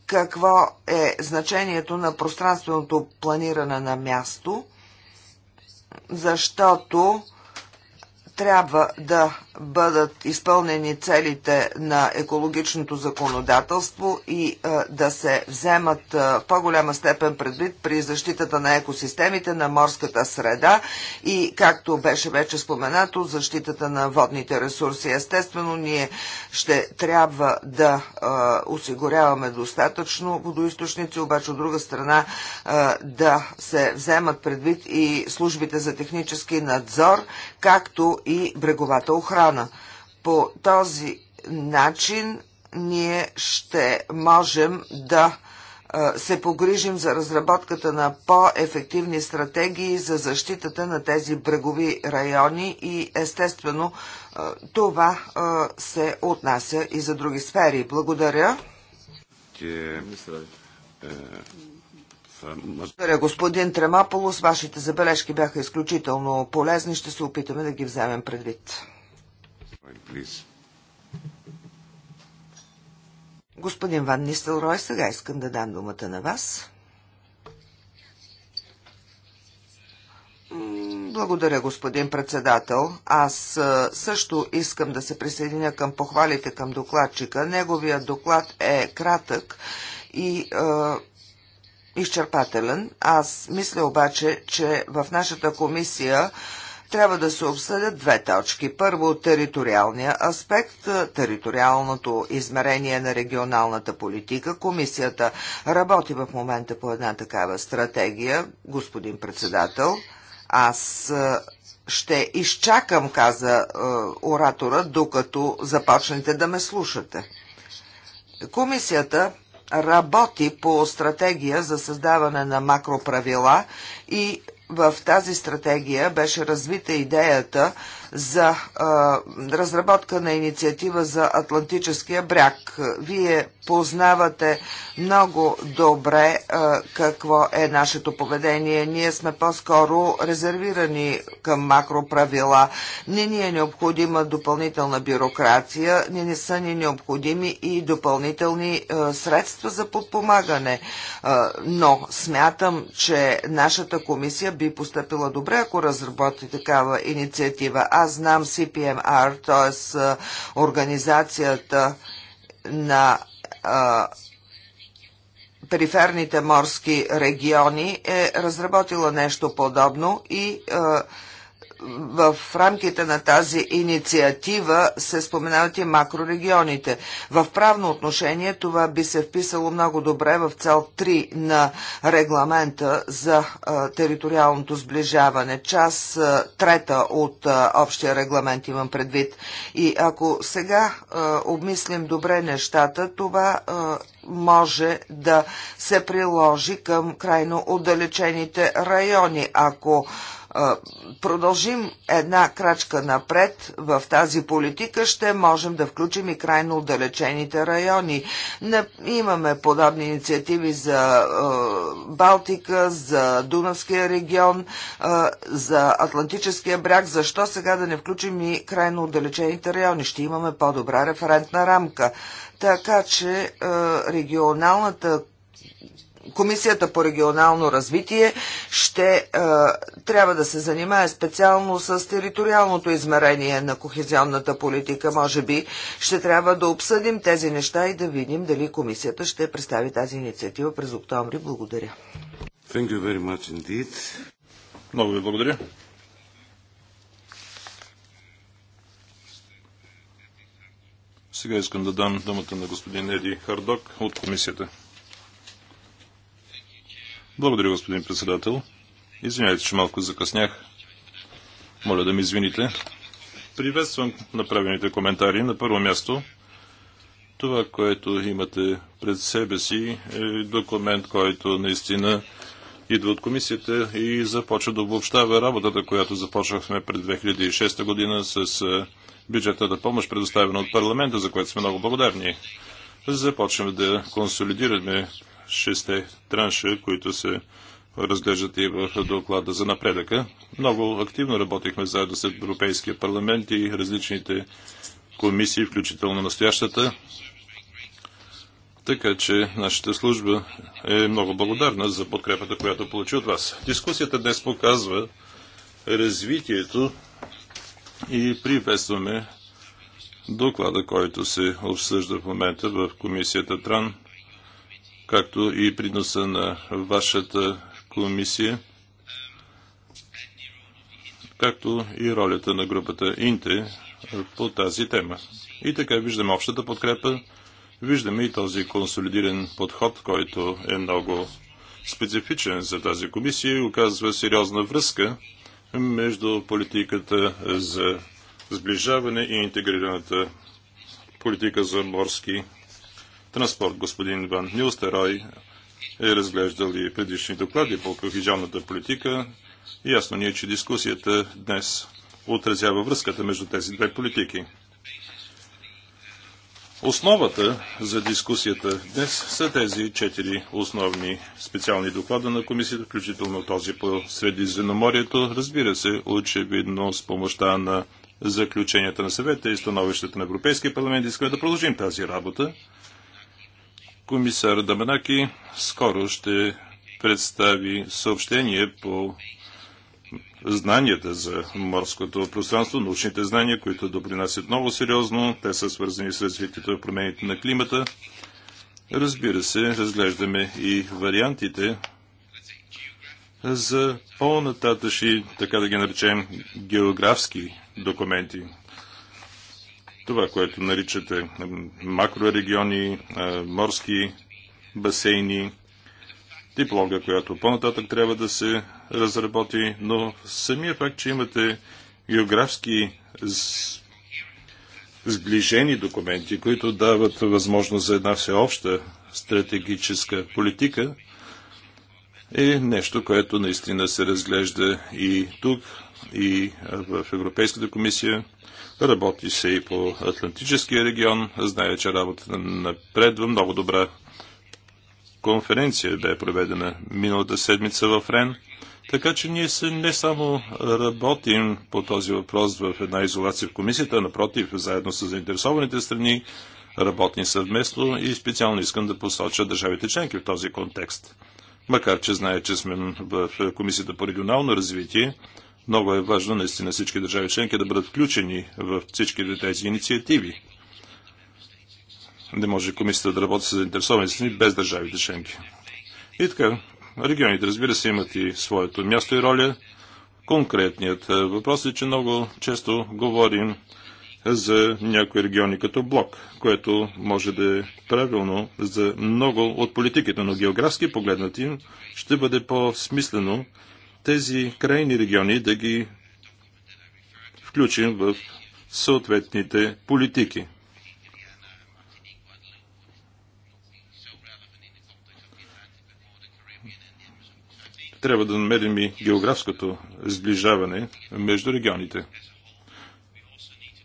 какво е значението на пространственото планиране на място, защото трябва да бъдат изпълнени целите на екологичното законодателство и е, да се вземат в е, по-голяма степен предвид при защитата на екосистемите, на морската среда и, както беше вече споменато, защитата на водните ресурси. Естествено, ние ще трябва да е, осигуряваме достатъчно водоисточници, обаче от друга страна да се вземат предвид и службите за технически надзор, както и и бреговата охрана. По този начин ние ще можем да се погрижим за разработката на по-ефективни стратегии за защитата на тези брегови райони и естествено това се отнася и за други сфери. Благодаря. Е, благодаря, господин Тремаполос. Вашите забележки бяха изключително полезни. Ще се опитаме да ги вземем предвид. Господин Ван Нистелрой, сега искам да дам думата на вас. Благодаря, господин председател. Аз също искам да се присъединя към похвалите към докладчика. Неговия доклад е кратък и е, изчерпателен. Аз мисля обаче, че в нашата комисия трябва да се обсъдят две точки. Първо, териториалния аспект, териториалното измерение на регионалната политика. Комисията работи в момента по една такава стратегия, господин председател. Аз ще изчакам, каза оратора, докато започнете да ме слушате. Комисията работи по стратегия за създаване на макроправила и в тази стратегия беше развита идеята за а, разработка на инициатива за Атлантическия бряг. Вие познавате много добре е, какво е нашето поведение. Ние сме по-скоро резервирани към макроправила. Не ни е необходима допълнителна бюрокрация, не, не са ни необходими и допълнителни е, средства за подпомагане. Е, но смятам, че нашата комисия би поступила добре, ако разработи такава инициатива. Аз знам CPMR, т.е. организацията на а, периферните морски региони е разработила нещо подобно и а, в рамките на тази инициатива се споменават и макрорегионите. В правно отношение това би се вписало много добре в цел 3 на регламента за териториалното сближаване. Част трета от общия регламент имам предвид. И ако сега обмислим добре нещата, това може да се приложи към крайно отдалечените райони. Ако продължим една крачка напред в тази политика, ще можем да включим и крайно отдалечените райони. Не, имаме подобни инициативи за е, Балтика, за Дунавския регион, е, за Атлантическия бряг. Защо сега да не включим и крайно отдалечените райони? Ще имаме по-добра референтна рамка. Така че е, регионалната Комисията по регионално развитие ще е, трябва да се занимае специално с териториалното измерение на кохезионната политика. Може би ще трябва да обсъдим тези неща и да видим дали комисията ще представи тази инициатива през октомври. Благодаря. Thank you very much indeed. Много ви благодаря. Сега искам да дам думата на господин Еди Хардок от комисията. Благодаря, господин председател. Извинявайте, че малко закъснях. Моля да ми извините. Приветствам направените коментари. На първо място, това, което имате пред себе си, е документ, който наистина идва от комисията и започва да обобщава работата, която започнахме пред 2006 година с бюджетната помощ, предоставена от парламента, за което сме много благодарни. Започваме да консолидираме шесте транша, които се разглеждат и в доклада за напредъка. Много активно работихме заедно с Европейския парламент и различните комисии, включително настоящата. Така че нашата служба е много благодарна за подкрепата, която получи от вас. Дискусията днес показва развитието и приветстваме доклада, който се обсъжда в момента в комисията Тран както и приноса на вашата комисия, както и ролята на групата Инте по тази тема. И така виждаме общата подкрепа, виждаме и този консолидиран подход, който е много специфичен за тази комисия и оказва сериозна връзка между политиката за сближаване и интегрираната политика за морски транспорт. Господин Иван Нюстерой е разглеждал и предишни доклади по кохижалната политика. И ясно ни е, че дискусията днес отразява връзката между тези две политики. Основата за дискусията днес са тези четири основни специални доклада на комисията, включително този по Средиземноморието. Разбира се, очевидно с помощта на заключенията на съвета и становището на Европейския парламент искаме да продължим тази работа. Комисар Даманаки скоро ще представи съобщение по знанията за морското пространство, научните знания, които допринасят много сериозно. Те са свързани с развитието и промените на климата. Разбира се, разглеждаме и вариантите за по-нататъчни, така да ги наречем, географски документи, това, което наричате макрорегиони, морски басейни, диплога, която по-нататък трябва да се разработи, но самия факт, че имате географски сближени документи, които дават възможност за една всеобща стратегическа политика, е нещо, което наистина се разглежда и тук и в Европейската комисия. Работи се и по Атлантическия регион. Знае, че работата напредва. Много добра конференция бе проведена миналата седмица в Рен. Така че ние се не само работим по този въпрос в една изолация в комисията, напротив, заедно с заинтересованите страни, работим съвместно и специално искам да посоча държавите членки в този контекст. Макар, че знае, че сме в Комисията по регионално развитие, много е важно наистина всички държави членки да бъдат включени в всички тези инициативи. Не може комисията да работи с заинтересовани страни без държавите членки. И така, регионите, разбира се, имат и своето място и роля. Конкретният въпрос е, че много често говорим за някои региони като блок, което може да е правилно за много от политиките, но географски погледнати ще бъде по-смислено тези крайни региони да ги включим в съответните политики. Трябва да намерим и географското сближаване между регионите.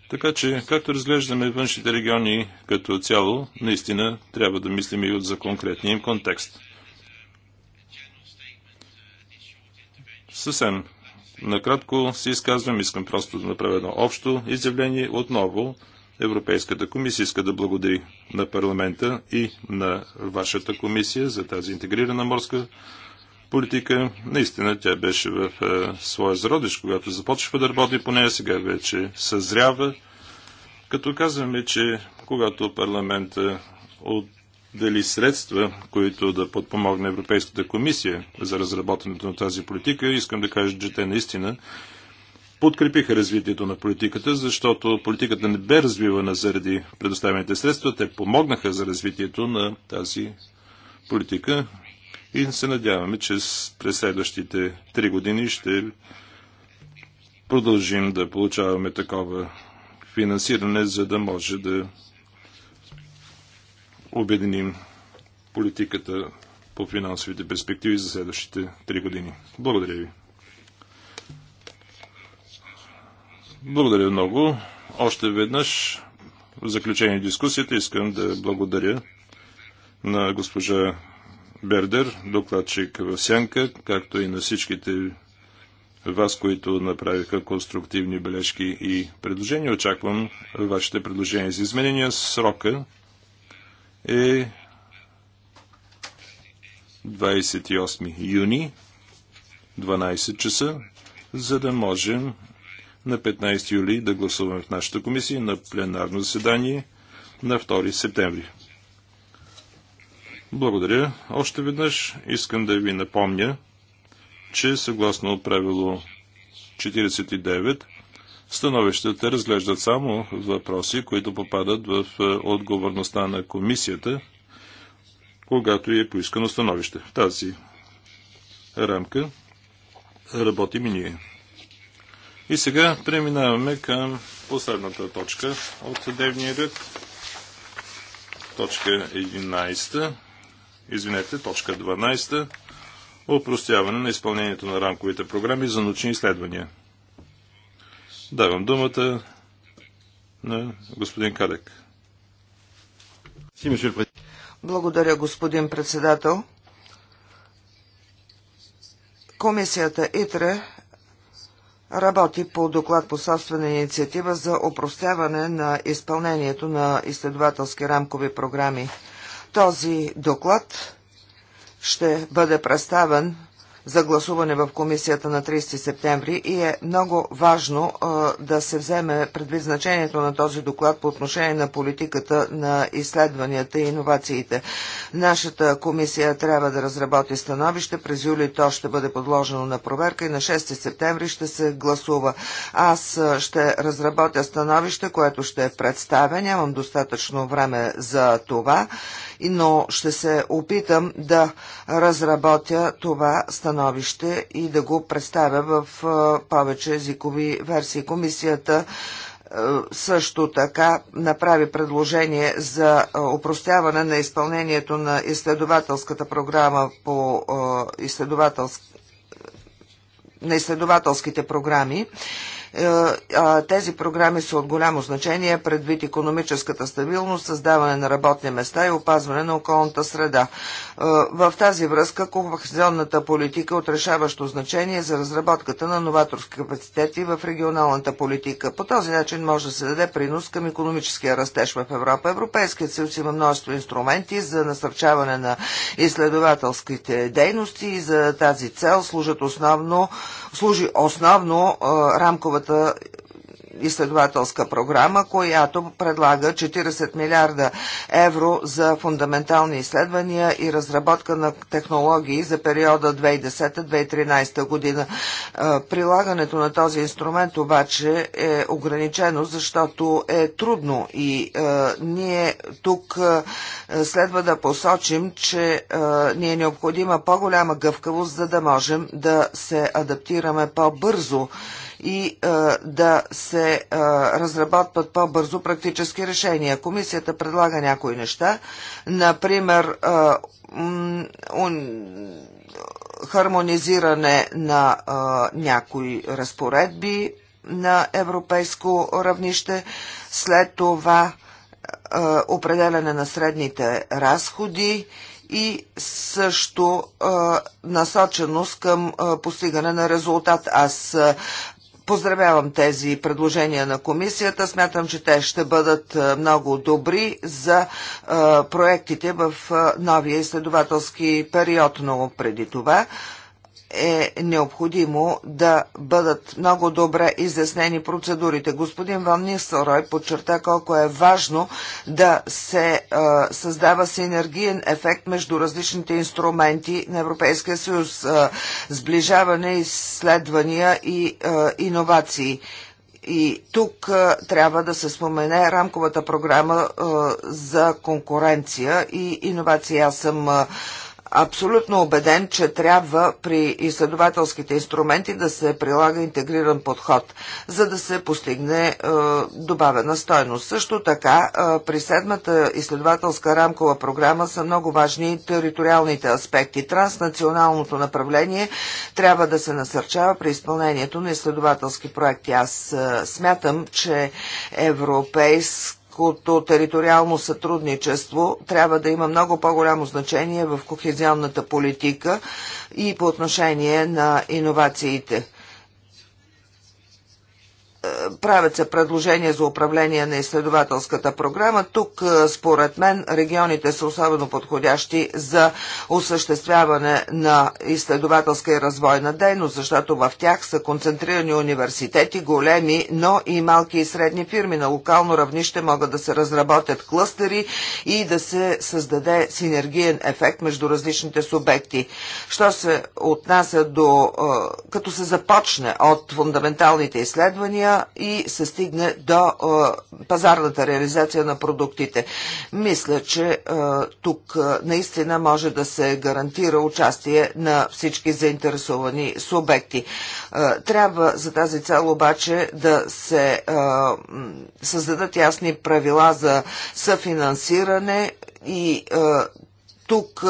Така че, както разглеждаме външните региони като цяло, наистина трябва да мислим и за конкретния им контекст. Съвсем накратко се изказвам, искам просто да направя едно общо изявление. Отново Европейската комисия иска да благодари на парламента и на вашата комисия за тази интегрирана морска политика. Наистина тя беше в е, своя зародиш, когато започва да работи по нея, сега вече съзрява. Като казваме, че когато парламента от дали средства, които да подпомогне Европейската комисия за разработването на тази политика. Искам да кажа, че те наистина подкрепиха развитието на политиката, защото политиката не бе развивана заради предоставените средства. Те помогнаха за развитието на тази политика и се надяваме, че през следващите три години ще продължим да получаваме такова финансиране, за да може да обединим политиката по финансовите перспективи за следващите три години. Благодаря ви. Благодаря много. Още веднъж в заключение на дискусията искам да благодаря на госпожа Бердер, докладчик в Сянка, както и на всичките вас, които направиха конструктивни бележки и предложения. Очаквам вашите предложения за изменения. Срока е 28 юни, 12 часа, за да можем на 15 юли да гласуваме в нашата комисия на пленарно заседание на 2 септември. Благодаря. Още веднъж искам да ви напомня, че съгласно правило 49 Становищата разглеждат само въпроси, които попадат в е, отговорността на комисията, когато е поискано становище. В тази рамка работим и ние. И сега преминаваме към последната точка от дневния ред. Точка 11. Извинете, точка 12. Опростяване на изпълнението на рамковите програми за научни изследвания. Давам думата на господин Кадек. Благодаря, господин председател. Комисията ИТРЕ работи по доклад по собствена инициатива за опростяване на изпълнението на изследователски рамкови програми. Този доклад ще бъде представен за гласуване в комисията на 30 септември и е много важно да се вземе предвид значението на този доклад по отношение на политиката на изследванията и иновациите. Нашата комисия трябва да разработи становище. През юли то ще бъде подложено на проверка и на 6 септември ще се гласува. Аз ще разработя становище, което ще представя. Нямам достатъчно време за това, но ще се опитам да разработя това становище становище и да го представя в повече езикови версии. Комисията също така направи предложение за упростяване на изпълнението на изследователската програма по изследователск... на изследователските програми е, тези програми са от голямо значение предвид економическата стабилност, създаване на работни места и опазване на околната среда. Е, в тази връзка кохезионната политика е от решаващо значение за разработката на новаторски капацитети в регионалната политика. По този начин може да се даде принос към економическия растеж в Европа. Европейският съюз има множество инструменти за насърчаване на изследователските дейности и за тази цел служат основно, служи основно рамкова неговата изследователска програма, която предлага 40 милиарда евро за фундаментални изследвания и разработка на технологии за периода 2010-2013 година. Е, прилагането на този инструмент обаче е ограничено, защото е трудно и е, ние тук е, следва да посочим, че ни е необходима по-голяма гъвкавост, за да можем да се адаптираме по-бързо. по бързо и да се разработват по-бързо практически решения. Комисията предлага някои неща, например хармонизиране на някои разпоредби на европейско равнище, след това определяне на средните разходи и също а, насоченост към а, постигане на резултат. Аз а, Поздравявам тези предложения на комисията. Смятам, че те ще бъдат е, много добри за е, проектите в е, новия изследователски период, но преди това е необходимо да бъдат много добре изяснени процедурите. Господин Ван Нисторой подчерта колко е важно да се е, създава синергиен ефект между различните инструменти на Европейския съюз, е, сближаване, изследвания и е, иновации. И тук а, трябва да се спомене рамковата програма а, за конкуренция и иновации. Аз съм а, абсолютно убеден, че трябва при изследователските инструменти да се прилага интегриран подход, за да се постигне е, добавена стойност. Също така, е, при седмата изследователска рамкова програма са много важни териториалните аспекти. Транснационалното направление трябва да се насърчава при изпълнението на изследователски проекти. Аз е, смятам, че европейски европейското териториално сътрудничество трябва да има много по-голямо значение в кохезионната политика и по отношение на иновациите правят се предложения за управление на изследователската програма. Тук, е, според мен, регионите са особено подходящи за осъществяване на изследователска и развойна дейност, защото в тях са концентрирани университети, големи, но и малки и средни фирми. На локално равнище могат да се разработят клъстери и да се създаде синергиен ефект между различните субекти. Що се отнася до, е, като се започне от фундаменталните изследвания, и се стигне до е, пазарната реализация на продуктите. Мисля, че е, тук е, наистина може да се гарантира участие на всички заинтересовани субекти. Трябва за тази цел обаче да се създадат ясни правила за съфинансиране и тук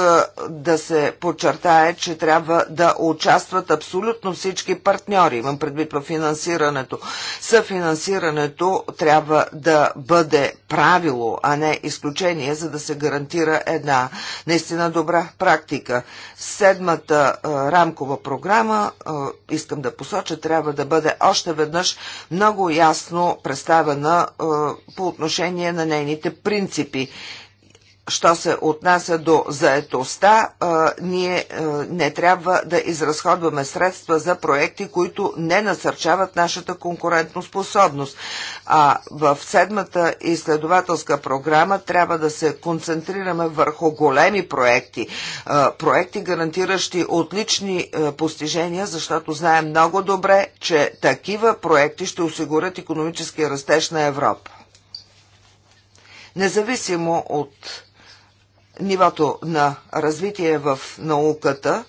да се подчертае, че трябва да участват абсолютно всички партньори, имам предвид по финансирането. Съфинансирането трябва да бъде правило, а не изключение, за да се гарантира една наистина добра практика. Седмата рамкова програма, искам да посоча, трябва да бъде още веднъж много ясно представена по отношение на нейните принципи що се отнася до заетостта, ние не трябва да изразходваме средства за проекти, които не насърчават нашата конкурентоспособност. А в седмата изследователска програма трябва да се концентрираме върху големи проекти, проекти гарантиращи отлични постижения, защото знаем много добре, че такива проекти ще осигурят економическия растеж на Европа. Независимо от нивото на развитие в науката,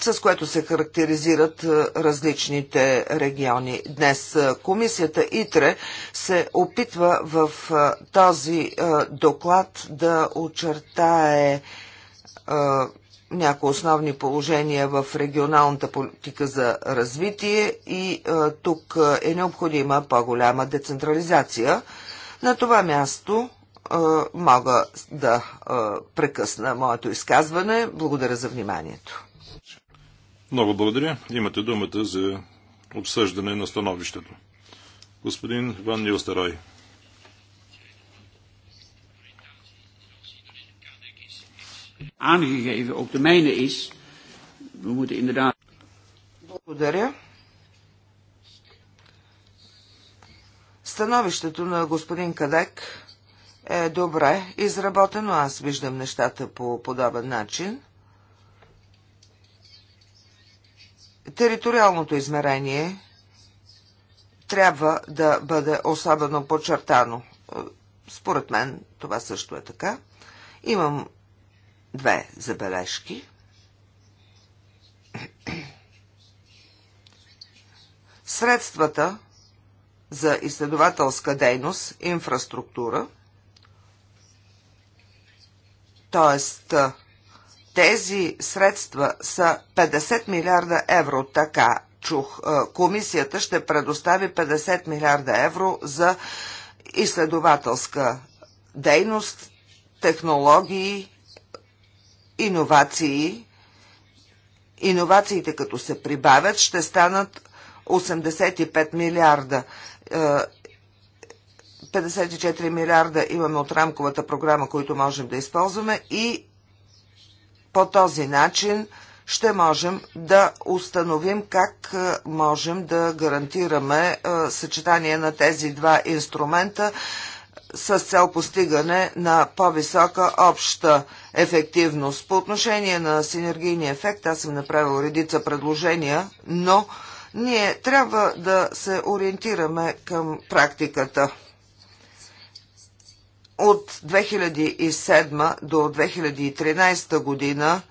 с което се характеризират различните региони. Днес комисията ИТРЕ се опитва в този доклад да очертае някои основни положения в регионалната политика за развитие и тук е необходима по-голяма децентрализация – на това място а, мога да а, прекъсна моето изказване. Благодаря за вниманието. Много благодаря. Имате думата за обсъждане на становището. Господин Ван Нилстерой. Aangegeven, ook de mijne is, we moeten inderdaad. Благодаря. Становището на господин Кадек е добре изработено. Аз виждам нещата по подобен начин. Териториалното измерение трябва да бъде особено подчертано. Според мен това също е така. Имам две забележки. Средствата, за изследователска дейност, инфраструктура, т.е. тези средства са 50 милиарда евро, така чух. Комисията ще предостави 50 милиарда евро за изследователска дейност, технологии, иновации. Иновациите, като се прибавят, ще станат 85 милиарда. Е, 54 милиарда имаме от рамковата програма, които можем да използваме и по този начин ще можем да установим как е, можем да гарантираме е, съчетание на тези два инструмента с цел постигане на по-висока обща ефективност. По отношение на синергийния ефект, аз съм направил редица предложения, но ние трябва да се ориентираме към практиката. От 2007 до 2013 година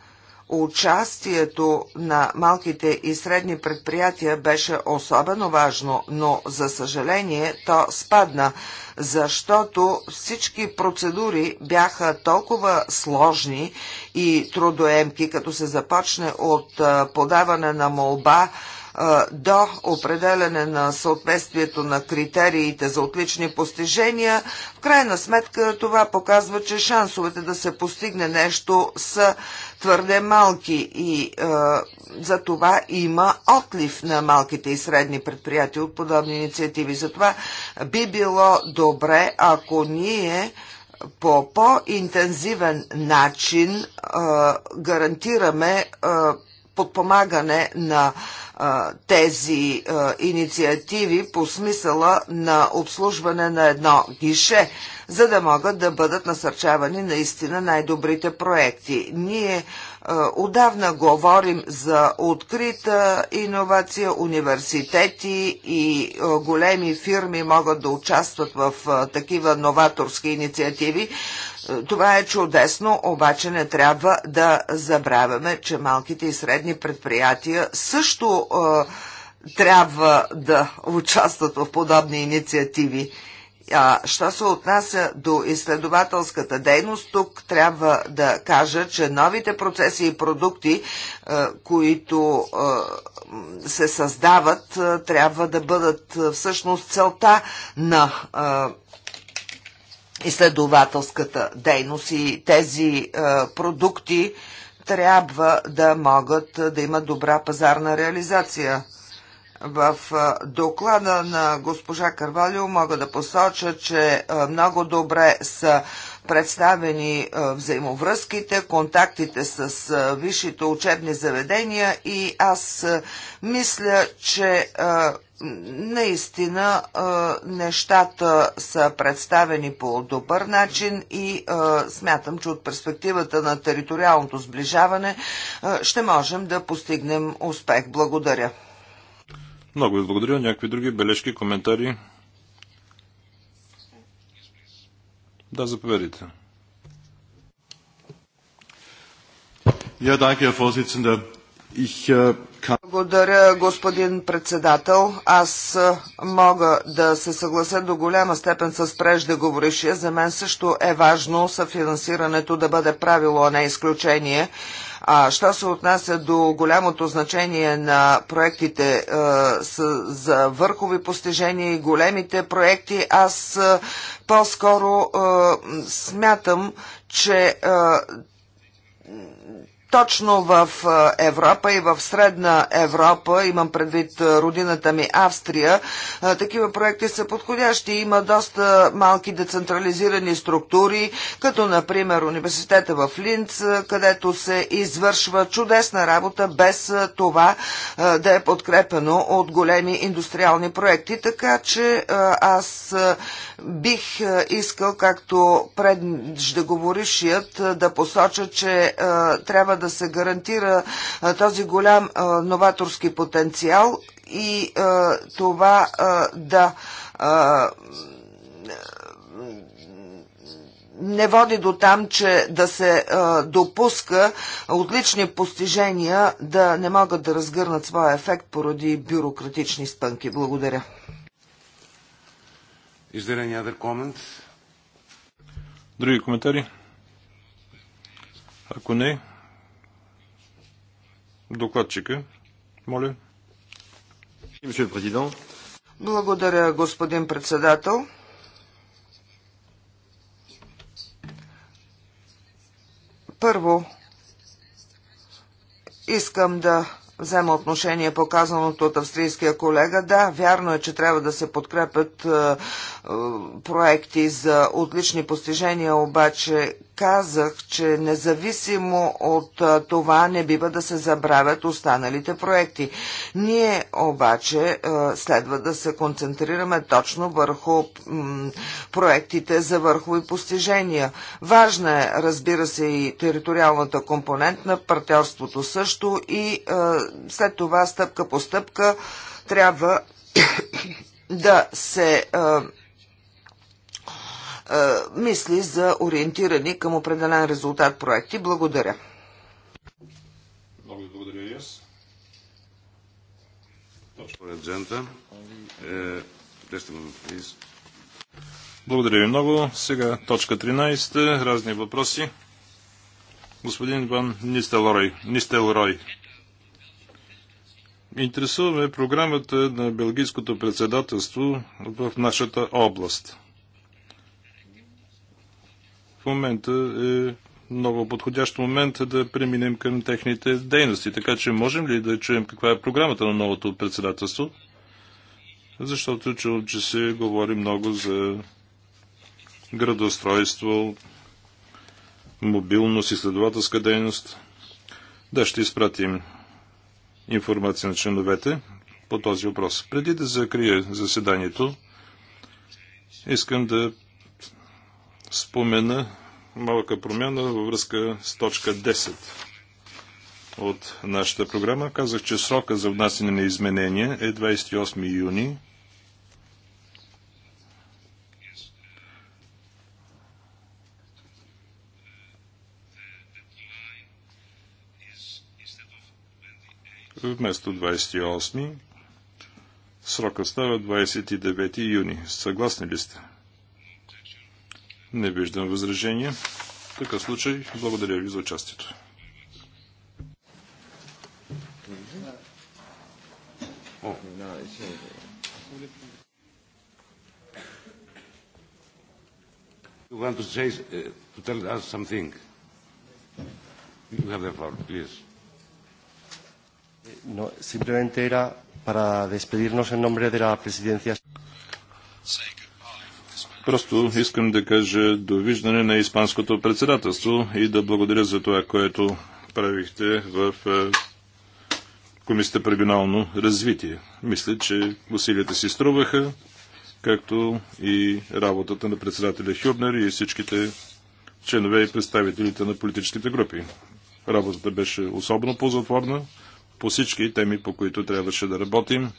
участието на малките и средни предприятия беше особено важно, но за съжаление то спадна, защото всички процедури бяха толкова сложни и трудоемки, като се започне от подаване на молба, до определене на съответствието на критериите за отлични постижения, в крайна сметка това показва, че шансовете да се постигне нещо са твърде малки и е, за това има отлив на малките и средни предприятия от подобни инициативи. Затова би било добре, ако ние по по-интензивен начин е, гарантираме е, подпомагане на тези инициативи по смисъла на обслужване на едно гише, за да могат да бъдат насърчавани наистина най-добрите проекти. Ние Отдавна говорим за открита иновация, университети и големи фирми могат да участват в такива новаторски инициативи. Това е чудесно, обаче не трябва да забравяме, че малките и средни предприятия също трябва да участват в подобни инициативи. А, що се отнася до изследователската дейност, тук трябва да кажа, че новите процеси и продукти, които се създават, трябва да бъдат всъщност целта на изследователската дейност и тези продукти трябва да могат да имат добра пазарна реализация. В доклада на госпожа Карвалио мога да посоча, че много добре са представени взаимовръзките, контактите с висшите учебни заведения и аз мисля, че наистина нещата са представени по добър начин и смятам, че от перспективата на териториалното сближаване ще можем да постигнем успех. Благодаря. Много ви благодаря. Някакви други бележки, коментари? Да, заповядайте. Ja, danke, Herr Vorsitzender. Äh, благодаря, господин председател. Аз е, мога да се съглася до голяма степен с преждеговорещия. За мен също е важно съфинансирането да бъде правило, а не изключение. А що се отнася до голямото значение на проектите а, е, с, за върхови постижения и големите проекти, аз е, по-скоро е, смятам, че точно в Европа и в Средна Европа, имам предвид родината ми Австрия, такива проекти са подходящи. Има доста малки децентрализирани структури, като например университета в Линц, където се извършва чудесна работа без това да е подкрепено от големи индустриални проекти. Така че аз бих искал, както преждеговорившият, да посоча, че трябва да се гарантира този голям новаторски потенциал и това да не води до там, че да се допуска отлични постижения да не могат да разгърнат своя ефект поради бюрократични спънки. Благодаря. Is there any other comment? Други коментари? Ако не, докладчика. Моля. Благодаря, господин председател. Първо, искам да взема отношение по казаното от австрийския колега. Да, вярно е, че трябва да се подкрепят е, е, проекти за отлични постижения, обаче казах, че независимо от това не бива да се забравят останалите проекти. Ние обаче следва да се концентрираме точно върху проектите за върхови постижения. Важна е, разбира се, и териториалната компонент на партньорството също и след това стъпка по стъпка трябва да се е, мисли за ориентирани към определен резултат проекти. Благодаря. Много благодаря и аз. Е, благодаря ви много. Сега точка 13. Разни въпроси. Господин Ван Нистелрой. Нистелрой. Интересуваме програмата на Белгийското председателство в нашата област – в момента е много подходящ момент е да преминем към техните дейности. Така че можем ли да чуем каква е програмата на новото председателство? Защото чувам, че се говори много за градоустройство, мобилност, и следователска дейност. Да, ще изпратим информация на членовете по този въпрос. Преди да закрия заседанието, искам да спомена малка промяна във връзка с точка 10 от нашата програма. Казах, че срока за внасяне на изменения е 28 юни. Вместо 28 срока става 29 юни. Съгласни ли сте? Не виждам възражения. В такъв случай, благодаря ви за участието. You want to say, uh, to tell us something? You have the floor, please. No, simplemente era para despedirnos en nombre de la presidencia. Sí. Просто искам да кажа довиждане на Испанското председателство и да благодаря за това, което правихте в е, Комисията по регионално развитие. Мисля, че усилията си струваха, както и работата на председателя Хюбнер и всичките членове и представителите на политическите групи. Работата беше особено ползотворна по всички теми, по които трябваше да работим.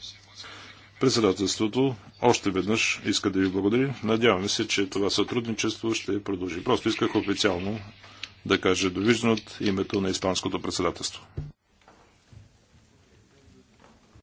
Председателството още веднъж иска да ви благодари. Надяваме се, че това сътрудничество ще продължи. Просто исках официално да кажа довижда от името на Испанското председателство.